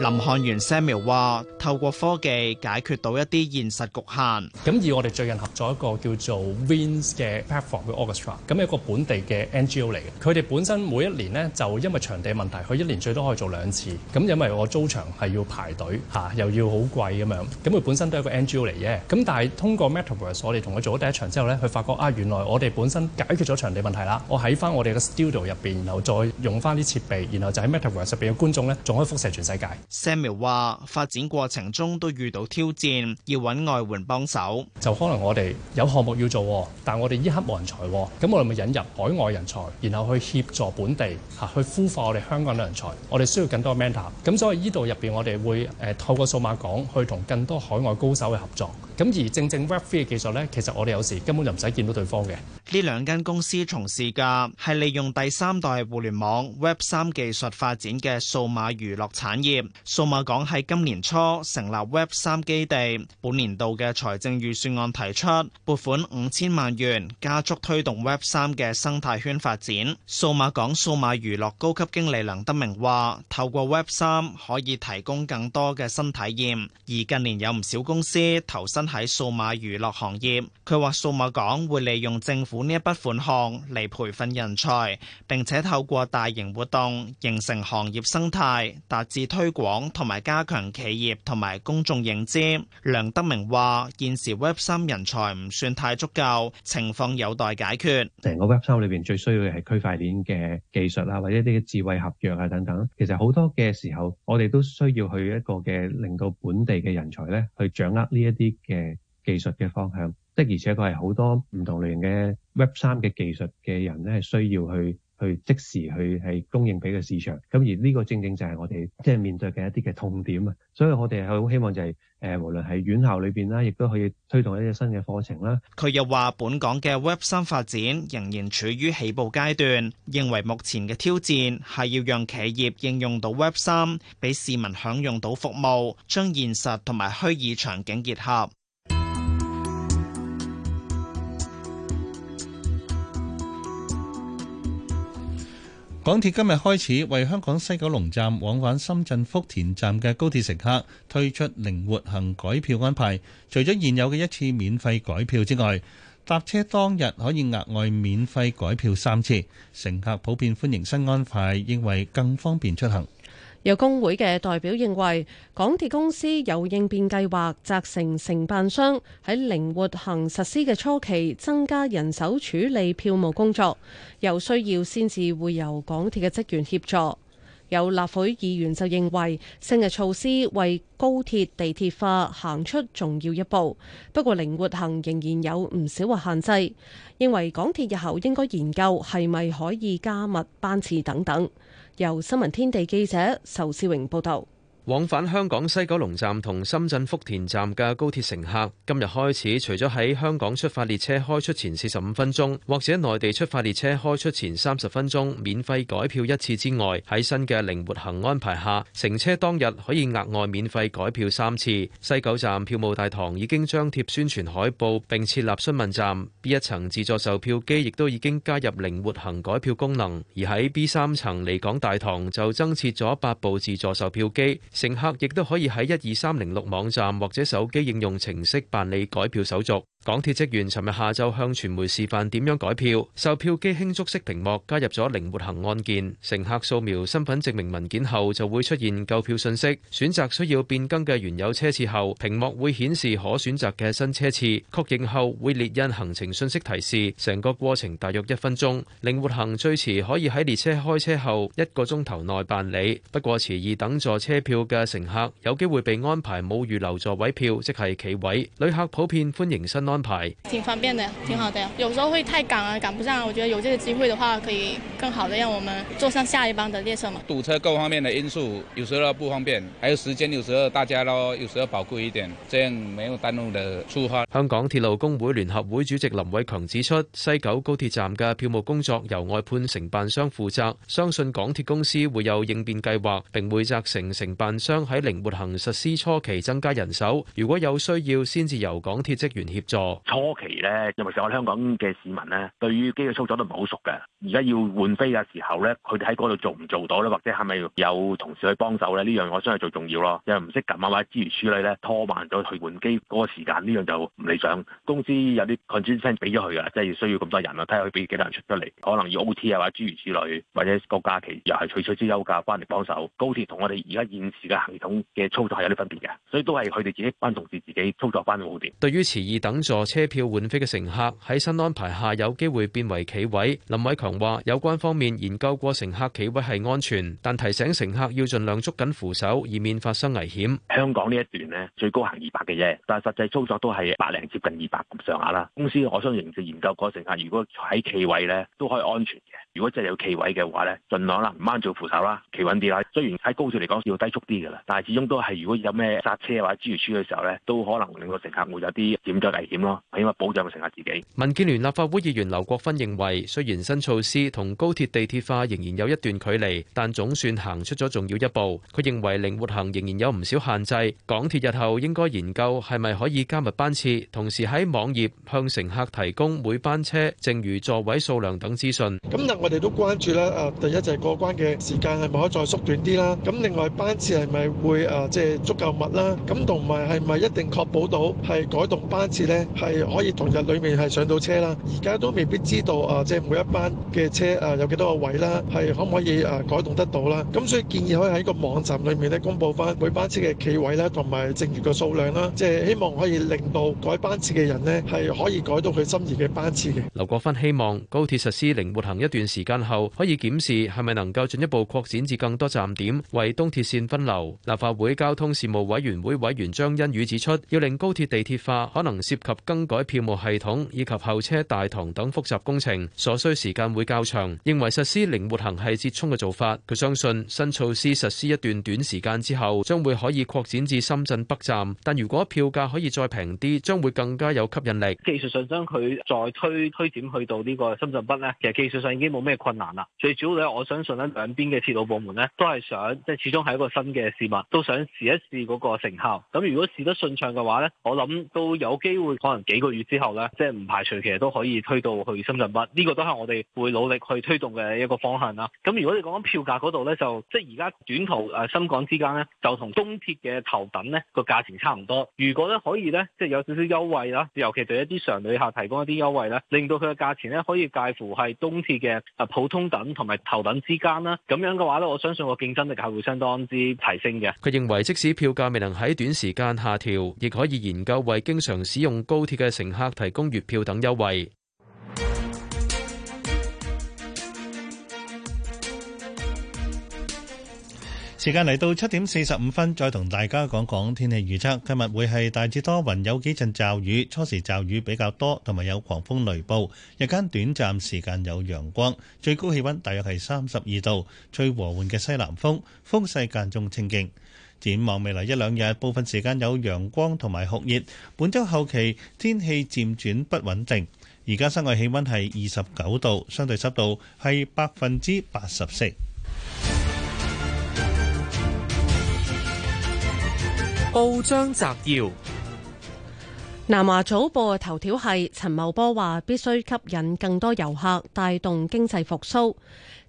林漢源 Samuel 話：透過科技解決到一啲現實局限。咁而我哋最近合作一個叫做 Wins 嘅 platform 嘅 orchestra，咁係一個本地嘅 NGO 嚟嘅。佢哋本身每一年呢，就因為場地問題，佢一年最多可以做兩次。咁因為我租場係要排隊嚇、啊，又要好貴咁樣。咁佢本身都係一個 NGO 嚟嘅。咁但係通過 MetaVerse，我哋同佢做咗第一場之後呢，佢發覺啊，原來我哋本身解決咗場地問題啦。我喺翻我哋嘅 studio 入邊，然後再用翻啲設備，然後就喺 MetaVerse 入邊嘅觀眾呢，仲可以輻射全世界。Samuel 話：發展過程中都遇到挑戰，要搵外援幫手，就可能我哋有項目要做，但我哋依刻冇人才，咁我哋咪引入海外人才，然後去協助本地嚇，去孵化我哋香港嘅人才。我哋需要更多 mentor，咁所以依度入邊我哋會誒透過數碼港去同更多海外高手嘅合作。咁而正正 Web Three 嘅技術咧，其實我哋有時根本就唔使見到對方嘅。呢兩間公司從事嘅係利用第三代互聯網 Web 三技術發展嘅數碼娛樂產業。數碼港喺今年初成立 Web 三基地，本年度嘅財政預算案提出撥款五千萬元，加速推動 Web 三嘅生態圈發展。數碼港數碼娛樂高級經理梁德明話，透過 Web 三可以提供更多嘅新體驗。而近年有唔少公司投身喺數碼娛樂行業，佢話數碼港會利用政府呢一筆款項嚟培訓人才，並且透過大型活動形成行業生態，達至推廣。同埋加強企業同埋公眾認知，梁德明話：現時 Web 三人才唔算太足夠，情況有待解決。成個 Web 三裏邊最需要嘅係區塊鏈嘅技術啊，或者啲智慧合約啊等等。其實好多嘅時候，我哋都需要去一個嘅令到本地嘅人才咧去掌握呢一啲嘅技術嘅方向。的而且確係好多唔同類型嘅 Web 三嘅技術嘅人咧，係需要去。去即時去係供應俾個市場咁，而呢個正正就係我哋即係面對嘅一啲嘅痛點啊。所以我哋係好希望就係誒，無論係院校裏邊啦，亦都可以推動一啲新嘅課程啦。佢又話，本港嘅 Web 三發展仍然處於起步階段，認為目前嘅挑戰係要讓企業應用到 Web 三，俾市民享用到服務，將現實同埋虛擬場景結合。港鐵今日開始為香港西九龍站往返深圳福田站嘅高鐵乘客推出靈活行改票安排，除咗現有嘅一次免費改票之外，搭車當日可以額外免費改票三次。乘客普遍歡迎新安排，認為更方便出行。有工會嘅代表認為，港鐵公司有應變計劃，責成承辦商喺靈活行實施嘅初期增加人手處理票務工作，有需要先至會由港鐵嘅職員協助。有立會議員就認為，新嘅措施為高鐵地鐵化行出重要一步，不過靈活行仍然有唔少嘅限制，認為港鐵日後應該研究係咪可以加密班次等等。由新聞天地記者仇志榮報道。往返香港西九龍站同深圳福田站嘅高鐵乘客，今日開始除咗喺香港出發列車開出前四十五分鐘或者內地出發列車開出前三十分鐘免費改票一次之外，喺新嘅靈活行安排下，乘車當日可以額外免費改票三次。西九站票務大堂已經張貼宣傳海報並設立詢問站，B 一層自助售票機亦都已經加入靈活行改票功能，而喺 B 三層離港大堂就增設咗八部自助售票機。乘客亦都可以喺一二三零六網站或者手機應用程式辦理改票手續。港鐵職員尋日下晝向傳媒示範點樣改票，售票機輕觸式屏幕加入咗靈活行按鍵，乘客掃描身份證明文件後就會出現購票信息，選擇需要變更嘅原有車次後，屏幕會顯示可選擇嘅新車次，確認後會列印行程信息提示，成個過程大約一分鐘。靈活行最遲可以喺列車開車後一個鐘頭內辦理，不過遲疑等座車票嘅乘客有機會被安排冇預留座位票，即係企位。旅客普遍歡迎新。安排，挺方便的，挺好的。有時候會太趕啊，趕不上。我覺得有這個機會的話，可以更好的讓我們坐上下一班的列車嘛。堵車各方面的因素，有時候不方便，還有時間，有時候大家咯，有時候寶貴一點，這樣沒有耽誤的出發。香港鐵路工會聯合會主席林偉強指出，西九高鐵站嘅票務工作由外判承辦商負責，相信港鐵公司會有應變計劃，並會責成承辦商喺靈活行實施初期增加人手，如果有需要，先至由港鐵職員協助。初期咧，因為其實我哋香港嘅市民咧，對於機器操作都唔係好熟嘅。而家要換飛嘅時候咧，佢哋喺嗰度做唔做到咧，或者係咪有同事去幫手咧？呢樣我相信係最重要咯。因為唔識撳啊，或者諸如此類咧，拖慢咗去換機嗰個時間，呢樣就唔理想。公司有啲佢專登俾咗佢噶，即係需要咁多人啊，睇下佢俾幾多人出得嚟，可能要 O T 啊，或者諸如此類，或者個假期又係取消休假翻嚟幫手。高鐵同我哋而家現時嘅系統嘅操作係有啲分別嘅，所以都係佢哋自己班同事自己操作翻會好啲。對於遲二等。坐車票換飛嘅乘客喺新安排下有機會變為企位。林偉強話：有關方面研究過乘客企位係安全，但提醒乘客要盡量捉緊扶手，以免發生危險。香港呢一段呢，最高行二百嘅啫，但實際操作都係百零接近二百咁上下啦。公司我當然就研究過乘客如果喺企位呢，都可以安全嘅。如果真係有企位嘅話咧，儘量啦，唔掹住扶手啦，企穩啲啦。雖然喺高速嚟講要低速啲嘅啦，但係始終都係如果有咩煞車或者諸如此類嘅時候咧，都可能令個乘客會有啲潛在危險咯，起碼保障乘客自己。民建聯立法會議員劉國勳認為，雖然新措施同高鐵地鐵化仍然有一段距離，但總算行出咗重要一步。佢認為靈活性仍然有唔少限制，港鐵日後應該研究係咪可以加密班次，同時喺網頁向乘客提供每班車正餘座位數量等資訊。咁就我哋都關注啦，誒第一就係過關嘅時間係咪可以再縮短啲啦？咁另外班次係咪會誒即係足夠密啦？咁同埋係咪一定確保到係改動班次咧，係可以同日裡面係上到車啦？而家都未必知道誒，即係每一班嘅車誒有幾多個位啦，係可唔可以誒改動得到啦？咁所以建議可以喺個網站裡面咧公佈翻每班次嘅企位啦，同埋剩餘嘅數量啦，即係希望可以令到改班次嘅人咧係可以改到佢心儀嘅班次嘅。劉國芬希望高鐵實施靈活行一段。時間後，可以檢視係咪能夠進一步擴展至更多站點，為東鐵綫分流，立法會交通事務委員會委員張欣宇指出，要令高鐵地鐵化可能涉及更改票務系統，以及候車大堂等複雜工程，所需時間會較長，認為實施靈活行係接衝嘅做法，佢相信，新措施實施一段短時間之後，將會可以擴展至深圳北站，但如果票價可以再平啲，將會更加有吸引力。技術上將佢再推推展去到呢個深圳北呢，其實技術上已經冇冇咩困難啦、啊，最主要咧，我相信咧，兩邊嘅鐵路部門咧，都係想即係始終係一個新嘅事物，都想試一試嗰個成效。咁如果試得順暢嘅話咧，我諗都有機會，可能幾個月之後咧，即係唔排除其實都可以推到去深圳北。呢、這個都係我哋會努力去推動嘅一個方向啦。咁如果你講緊票價嗰度咧，就即係而家短途誒、啊、深港之間咧，就同東鐵嘅頭等咧個價錢差唔多。如果咧可以咧，即係有少少優惠啦，尤其對一啲常旅客提供一啲優惠咧，令到佢嘅價錢咧可以介乎係東鐵嘅。啊，普通等同埋頭等之間啦，咁樣嘅話咧，我相信個競爭力係會相當之提升嘅。佢認為，即使票價未能喺短時間下調，亦可以研究為經常使用高鐵嘅乘客提供月票等優惠。時間嚟到七點四十五分，再同大家講講天氣預測。今日會係大致多雲，有幾陣驟雨，初時驟雨比較多，同埋有狂風雷暴。日間短暫時間有陽光，最高氣溫大約係三十二度，吹和緩嘅西南風，風勢間中清勁。展望未來一兩日，部分時間有陽光同埋酷熱。本周後期天氣漸轉不穩定。而家室外氣溫係二十九度，相對濕度係百分之八十四。報章摘要：南華早報嘅頭條係陳茂波話，必須吸引更多遊客，帶動經濟復蘇。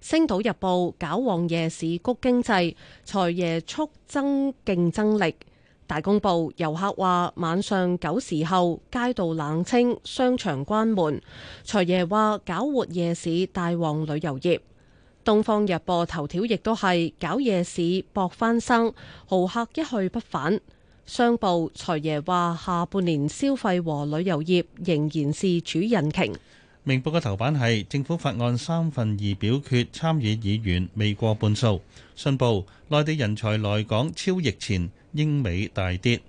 星島日報搞旺夜市谷經濟，財爺促增競爭力。大公報遊客話，晚上九時後街道冷清，商場關門。財爺話，搞活夜市，帶旺旅遊業。《東方日報》頭條亦都係搞夜市搏翻生，豪客一去不返。商報財爺話下半年消費和旅遊業仍然是主引擎。明報嘅頭版係政府法案三分二表決，參與議員未過半數。信報內地人才來港超疫前，英美大跌。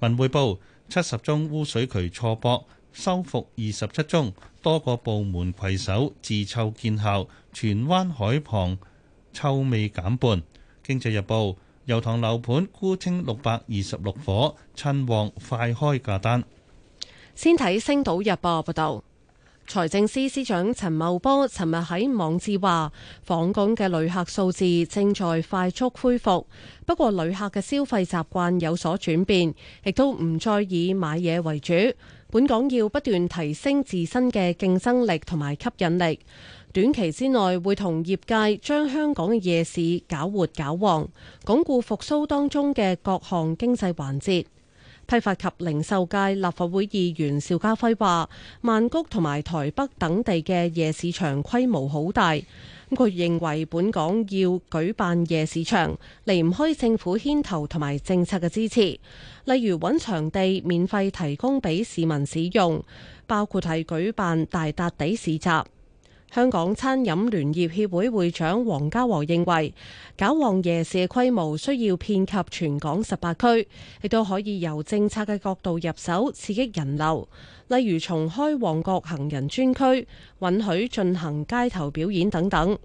文匯報七十宗污水渠錯駁。收復二十七宗，多個部門攜手治臭見效，荃灣海旁臭味減半。《經濟日報》油塘樓盤沽清六百二十六伙，趁旺快開價單。先睇《星島日報》啊報道，財政司司長陳茂波尋日喺網誌話，訪港嘅旅客數字正在快速恢復，不過旅客嘅消費習慣有所轉變，亦都唔再以買嘢為主。本港要不斷提升自身嘅競爭力同埋吸引力，短期之內會同業界將香港嘅夜市搞活搞旺，鞏固復甦當中嘅各項經濟環節。批發及零售界立法會議員邵家輝話曼谷同埋台北等地嘅夜市場規模好大。佢認為本港要舉辦夜市場，離唔開政府牽頭同埋政策嘅支持，例如揾場地免費提供俾市民使用，包括係舉辦大笪地市集。香港餐飲聯業協會會長黃家和認為，搞旺夜市嘅規模需要遍及全港十八區，亦都可以由政策嘅角度入手刺激人流，例如重開旺角行人專區，允許進行街頭表演等等。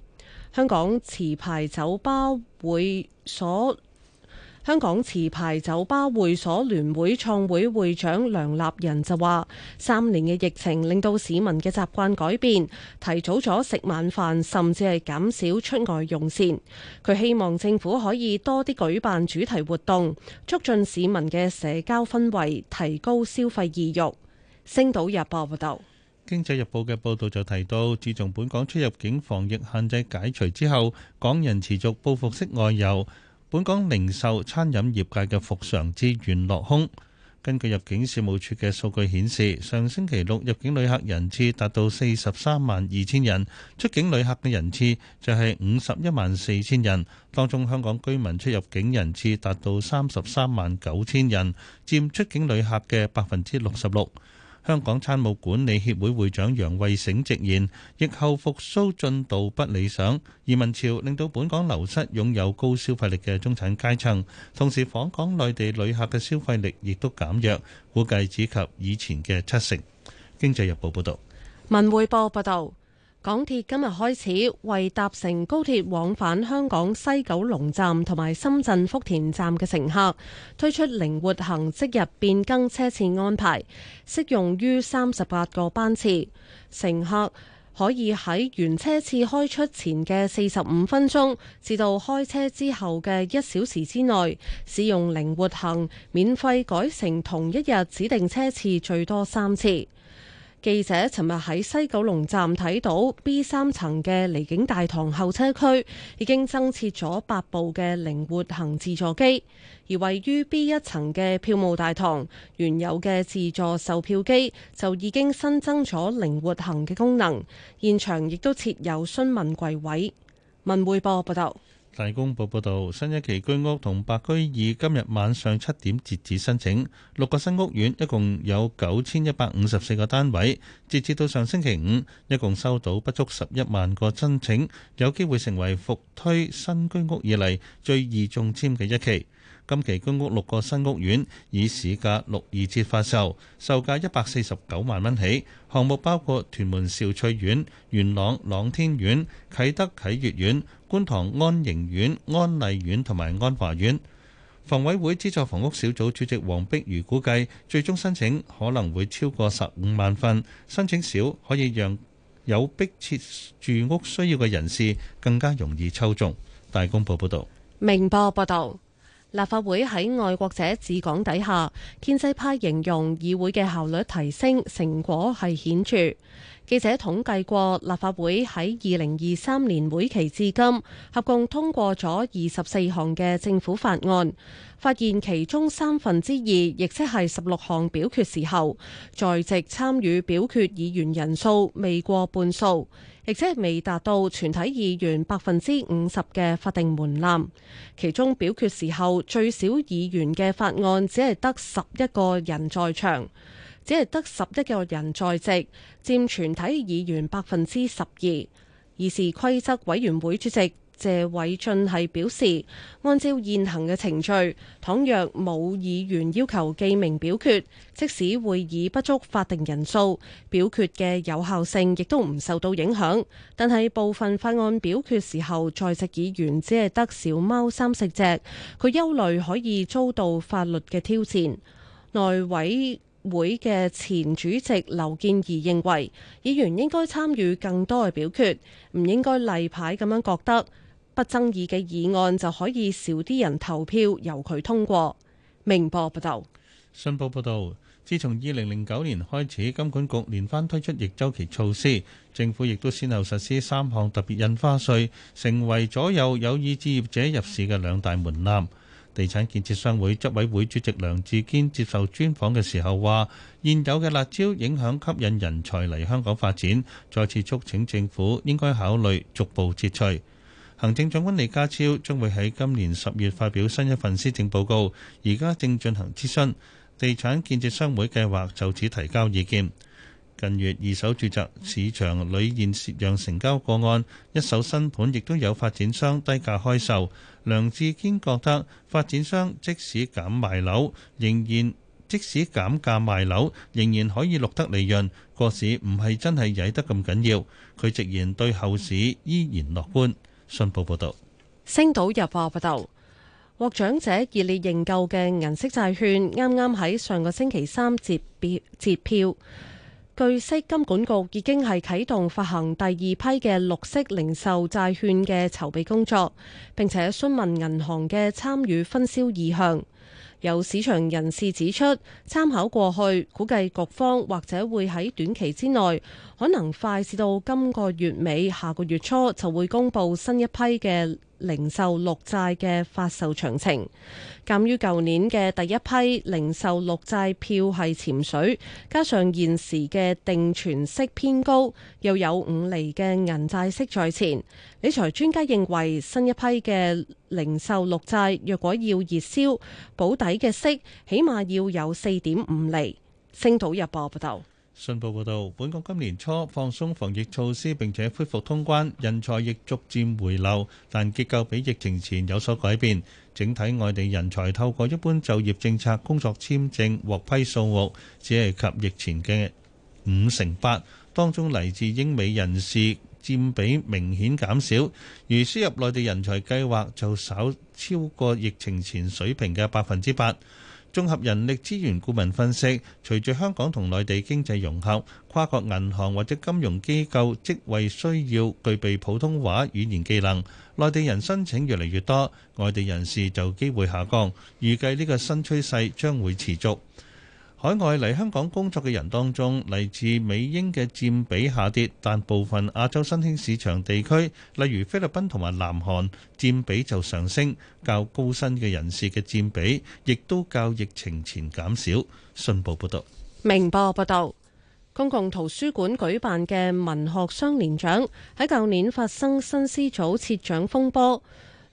香港持牌酒吧會所。香港持牌酒吧會所聯會創會會長梁立仁就話，三年嘅疫情令到市民嘅習慣改變，提早咗食晚飯，甚至係減少出外用膳，佢希望政府可以多啲舉辦主題活動，促進市民嘅社交氛圍，提高消費意欲。星島日報報道，經濟日報嘅報道就提到，自從本港出入境防疫限制解除之後，港人持續報復式外遊。本港零售、餐飲業界嘅復常之願落空。根據入境事務處嘅數據顯示，上星期六入境旅客人次達到四十三萬二千人，出境旅客嘅人次就係五十一萬四千人。當中香港居民出入境人次達到三十三萬九千人，佔出境旅客嘅百分之六十六。香港餐務管理協會會長楊惠醒直言，疫後復甦進度不理想，移民潮令到本港流失擁有高消費力嘅中產階層，同時訪港內地旅客嘅消費力亦都減弱，估計只及以前嘅七成。經濟日報報道。文匯報報導。港鐵今日開始為搭乘高鐵往返香港西九龍站同埋深圳福田站嘅乘客推出靈活行即日變更車次安排，適用於三十八個班次。乘客可以喺原車次開出前嘅四十五分鐘至到開車之後嘅一小時之內，使用靈活行免費改乘同一日指定車次最多三次。記者尋日喺西九龍站睇到 B 三層嘅離境大堂候車區已經增設咗八部嘅靈活行自助機，而位於 B 一層嘅票務大堂原有嘅自助售票機就已經新增咗靈活行嘅功能，現場亦都設有詢問櫃位。文匯報報道。大公報報道，新一期居屋同白居二今日晚上七點截止申請，六個新屋苑一共有九千一百五十四個單位，截至到上星期五，一共收到不足十一萬個申請，有機會成為復推新居屋以嚟最易中籤嘅一期。今期居屋六個新屋苑以市價六二折發售，售價一百四十九萬蚊起。項目包括屯門兆翠苑、元朗朗天苑、啟德啟悅苑、觀塘安盈苑、安麗苑同埋安華苑。房委會資助房屋小組主席黃碧如估計，最終申請可能會超過十五萬份。申請少可以讓有迫切住屋需要嘅人士更加容易抽中。大公報報道，明報報道。立法會喺愛國者治港底下，建制派形容議會嘅效率提升成果係顯著。記者統計過，立法會喺二零二三年會期至今，合共通過咗二十四項嘅政府法案，發現其中三分之二，亦即係十六項表決時候，在席參與表決議員人數未過半數。亦即係未達到全體議員百分之五十嘅法定門檻，其中表決時候最少議員嘅法案只係得十一個人在場，只係得十一個人在席，佔全體議員百分之十二，而是規則委員會主席，謝偉俊係表示，按照現行嘅程序，倘若冇議員要求記名表決，即使會議不足法定人數，表決嘅有效性亦都唔受到影響。但係部分法案表決時候，在席議員只係得小貓三四隻，佢憂慮可以遭到法律嘅挑戰。內委會嘅前主席劉健儀認為，議員應該參與更多嘅表決，唔應該例牌咁樣覺得。不爭議嘅議案就可以少啲人投票，由佢通過。明報報道，信報報道，自從二零零九年開始，金管局連番推出逆周期措施，政府亦都先後實施三項特別印花稅，成為左右有意置業者入市嘅兩大門檻。地產建設商會執委會主席梁志堅接受專訪嘅時候話，現有嘅辣招影響吸引人才嚟香港發展，再次促請政府應該考慮逐步撤除。行政長官李家超將會喺今年十月發表新一份施政報告，而家正進行諮詢。地產建設商會計劃就此提交意見。近月二手住宅市場屢現涉讓成交個案，一手新盤亦都有發展商低價開售。梁志堅覺得發展商即使減賣樓，仍然即使減價賣樓仍然可以錄得利潤。個市唔係真係曳得咁緊要，佢直言對後市依然樂觀。信報報道，星島日報報道，獲長者熱烈認購嘅銀色債券，啱啱喺上個星期三截票。據悉，金管局已經係啟動發行第二批嘅綠色零售債券嘅籌備工作，並且詢問銀行嘅參與分銷意向。有市場人士指出，參考過去，估計局方或者會喺短期之內，可能快至到今個月尾、下個月初就會公布新一批嘅零售綠債嘅發售詳情。鑒於舊年嘅第一批零售綠債票係潛水，加上現時嘅定存息偏高，又有五厘嘅銀債息在前，理財專家認為新一批嘅零售綠債若果要熱銷，保底嘅息起碼要有四點五厘。星島日報報道。信報報道，本港今年初放鬆防疫措施並且恢復通關，人才亦逐漸回流，但結構比疫情前有所改變。整體外地人才透過一般就業政策、工作簽證獲批數目，只係及疫前嘅五成八，當中嚟自英美人士佔比明顯減少。而輸入內地人才計劃就稍超過疫情前水平嘅百分之八。綜合人力資源顧問分析，隨住香港同內地經濟融合，跨國銀行或者金融機構職位需要具備普通話語言技能，內地人申請越嚟越多，外地人士就機會下降。預計呢個新趨勢將會持續。海外嚟香港工作嘅人當中，嚟自美英嘅佔比下跌，但部分亞洲新興市場地區，例如菲律賓同埋南韓佔比就上升。較高薪嘅人士嘅佔比，亦都較疫情前減少。信報報道，明報報道，公共圖書館舉辦嘅文學雙年獎喺舊年發生新詩組撤獎風波。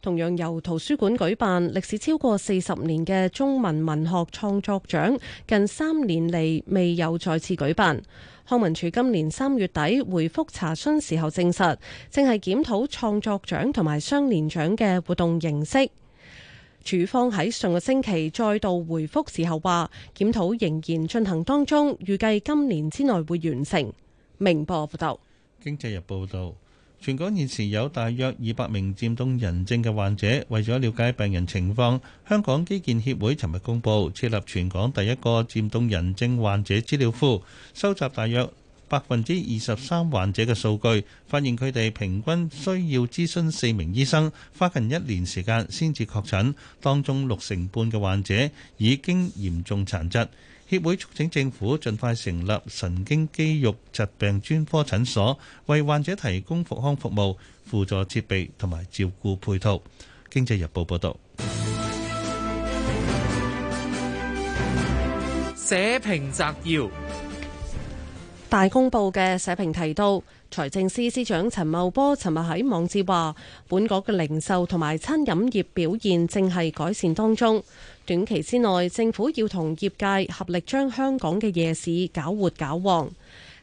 同樣由圖書館舉辦，歷史超過四十年嘅中文文學創作獎，近三年嚟未有再次舉辦。康文署今年三月底回覆查詢時候證實，正係檢討創作獎同埋雙年獎嘅活動形式。署方喺上個星期再度回覆時候話，檢討仍然進行當中，預計今年之內會完成。明報報道，經濟日報道。全港現時有大約二百名漸凍人症嘅患者。為咗了，了解病人情況，香港基建協會尋日公布設立全港第一個漸凍人症患者資料庫，收集大約百分之二十三患者嘅數據，發現佢哋平均需要諮詢四名醫生，花近一年時間先至確診，當中六成半嘅患者已經嚴重殘疾。協會促請政府盡快成立神經肌肉疾病專科診所，為患者提供復康服務、輔助設備同埋照顧配套。經濟日報報導。社評摘要。大公報嘅社評提到，財政司司長陳茂波尋日喺網誌話，本港嘅零售同埋餐飲業表現正係改善當中。短期之內，政府要同業界合力將香港嘅夜市搞活搞旺。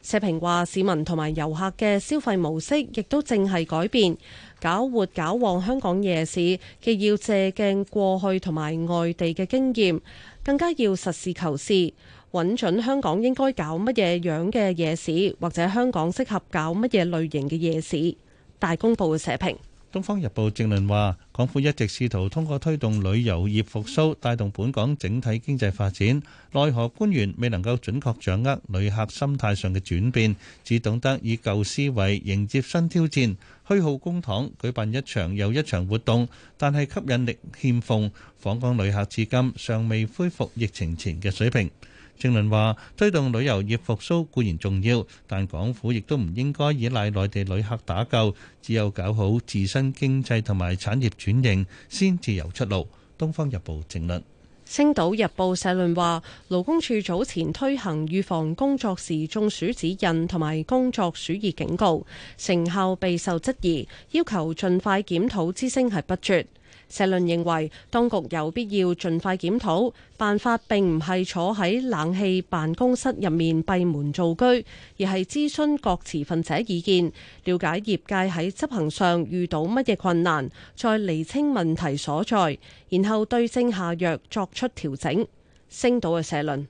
社評話，市民同埋遊客嘅消費模式亦都正係改變，搞活搞旺香港夜市，既要借鏡過去同埋外地嘅經驗，更加要實事求是，揾準香港應該搞乜嘢樣嘅夜市，或者香港適合搞乜嘢類型嘅夜市。大公報社評。《東方日報》正論話，港府一直試圖通過推動旅遊業復甦，帶動本港整體經濟發展。奈何官員未能夠準確掌握旅客心態上嘅轉變，只懂得以舊思維迎接新挑戰，虛耗公帑，舉辦一場又一場活動，但係吸引力欠奉，訪港旅客至今尚未恢復疫情前嘅水平。正論話：推動旅遊業復甦固然重要，但港府亦都唔應該依賴內地旅客打救，只有搞好自身經濟同埋產業轉型，先至有出路。東方日報正論，星島日報社論話：勞工處早前推行預防工作時中暑指引同埋工作暑熱警告，成效備受質疑，要求盡快檢討，之聲係不絕。社論認為，當局有必要盡快檢討辦法，並唔係坐喺冷氣辦公室入面閉門造車，而係諮詢各持份者意見，了解業界喺執行上遇到乜嘢困難，再厘清問題所在，然後對症下藥作出調整。星島嘅社論。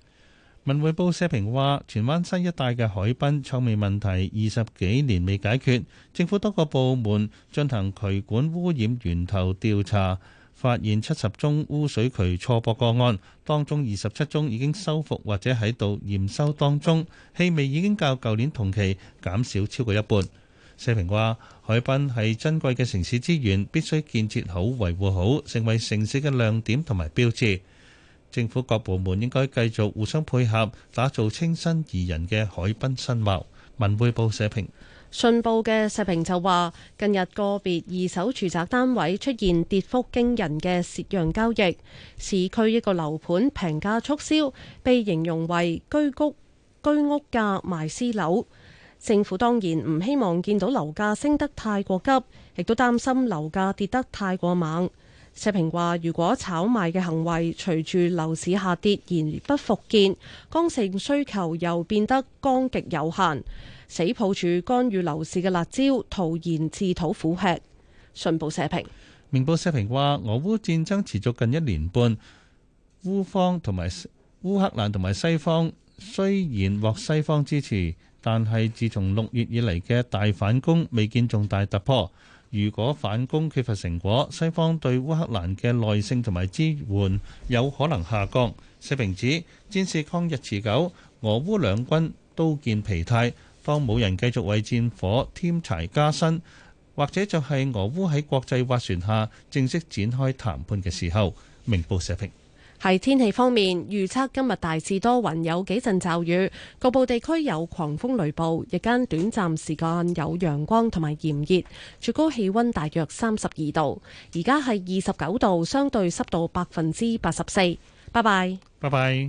文匯報社評話：荃灣西一帶嘅海濱臭味問題二十幾年未解決，政府多個部門進行渠管污染源頭調查，發現七十宗污水渠錯駁個案，當中二十七宗已經修復或者喺度驗收當中，氣味已經較舊年同期減少超過一半。社評話：海濱係珍貴嘅城市資源，必須建設好、維護好，成為城市嘅亮點同埋標誌。政府各部門應該繼續互相配合，打造清新宜人嘅海濱新貌。文匯報社評。信報嘅社評就話，近日個別二手住宅單位出現跌幅驚人嘅蝕讓交易，市區一個樓盤平價促銷，被形容為居谷居屋價賣私樓。政府當然唔希望見到樓價升得太過急，亦都擔心樓價跌得太過猛。社評話：如果炒賣嘅行為隨住樓市下跌而不復見，剛性需求又變得剛極有限，死抱住干預樓市嘅辣招，徒然自討苦吃。信報社評，明報社評話：俄烏戰爭持續近一年半，烏方同埋烏克蘭同埋西方雖然獲西方支持，但係自從六月以嚟嘅大反攻未見重大突破。如果反攻缺乏成果，西方對烏克蘭嘅耐性同埋支援有可能下降。社評指戰事抗日持久，俄烏兩軍都見疲態，當冇人繼續為戰火添柴加薪，或者就係俄烏喺國際斡旋下正式展開談判嘅時候。明報社評。喺天氣方面，預測今日大致多雲，有幾陣驟雨，局部地區有狂風雷暴，日間短暫時間有陽光同埋炎熱，最高氣温大約三十二度。而家係二十九度，相對濕度百分之八十四。拜拜，拜拜。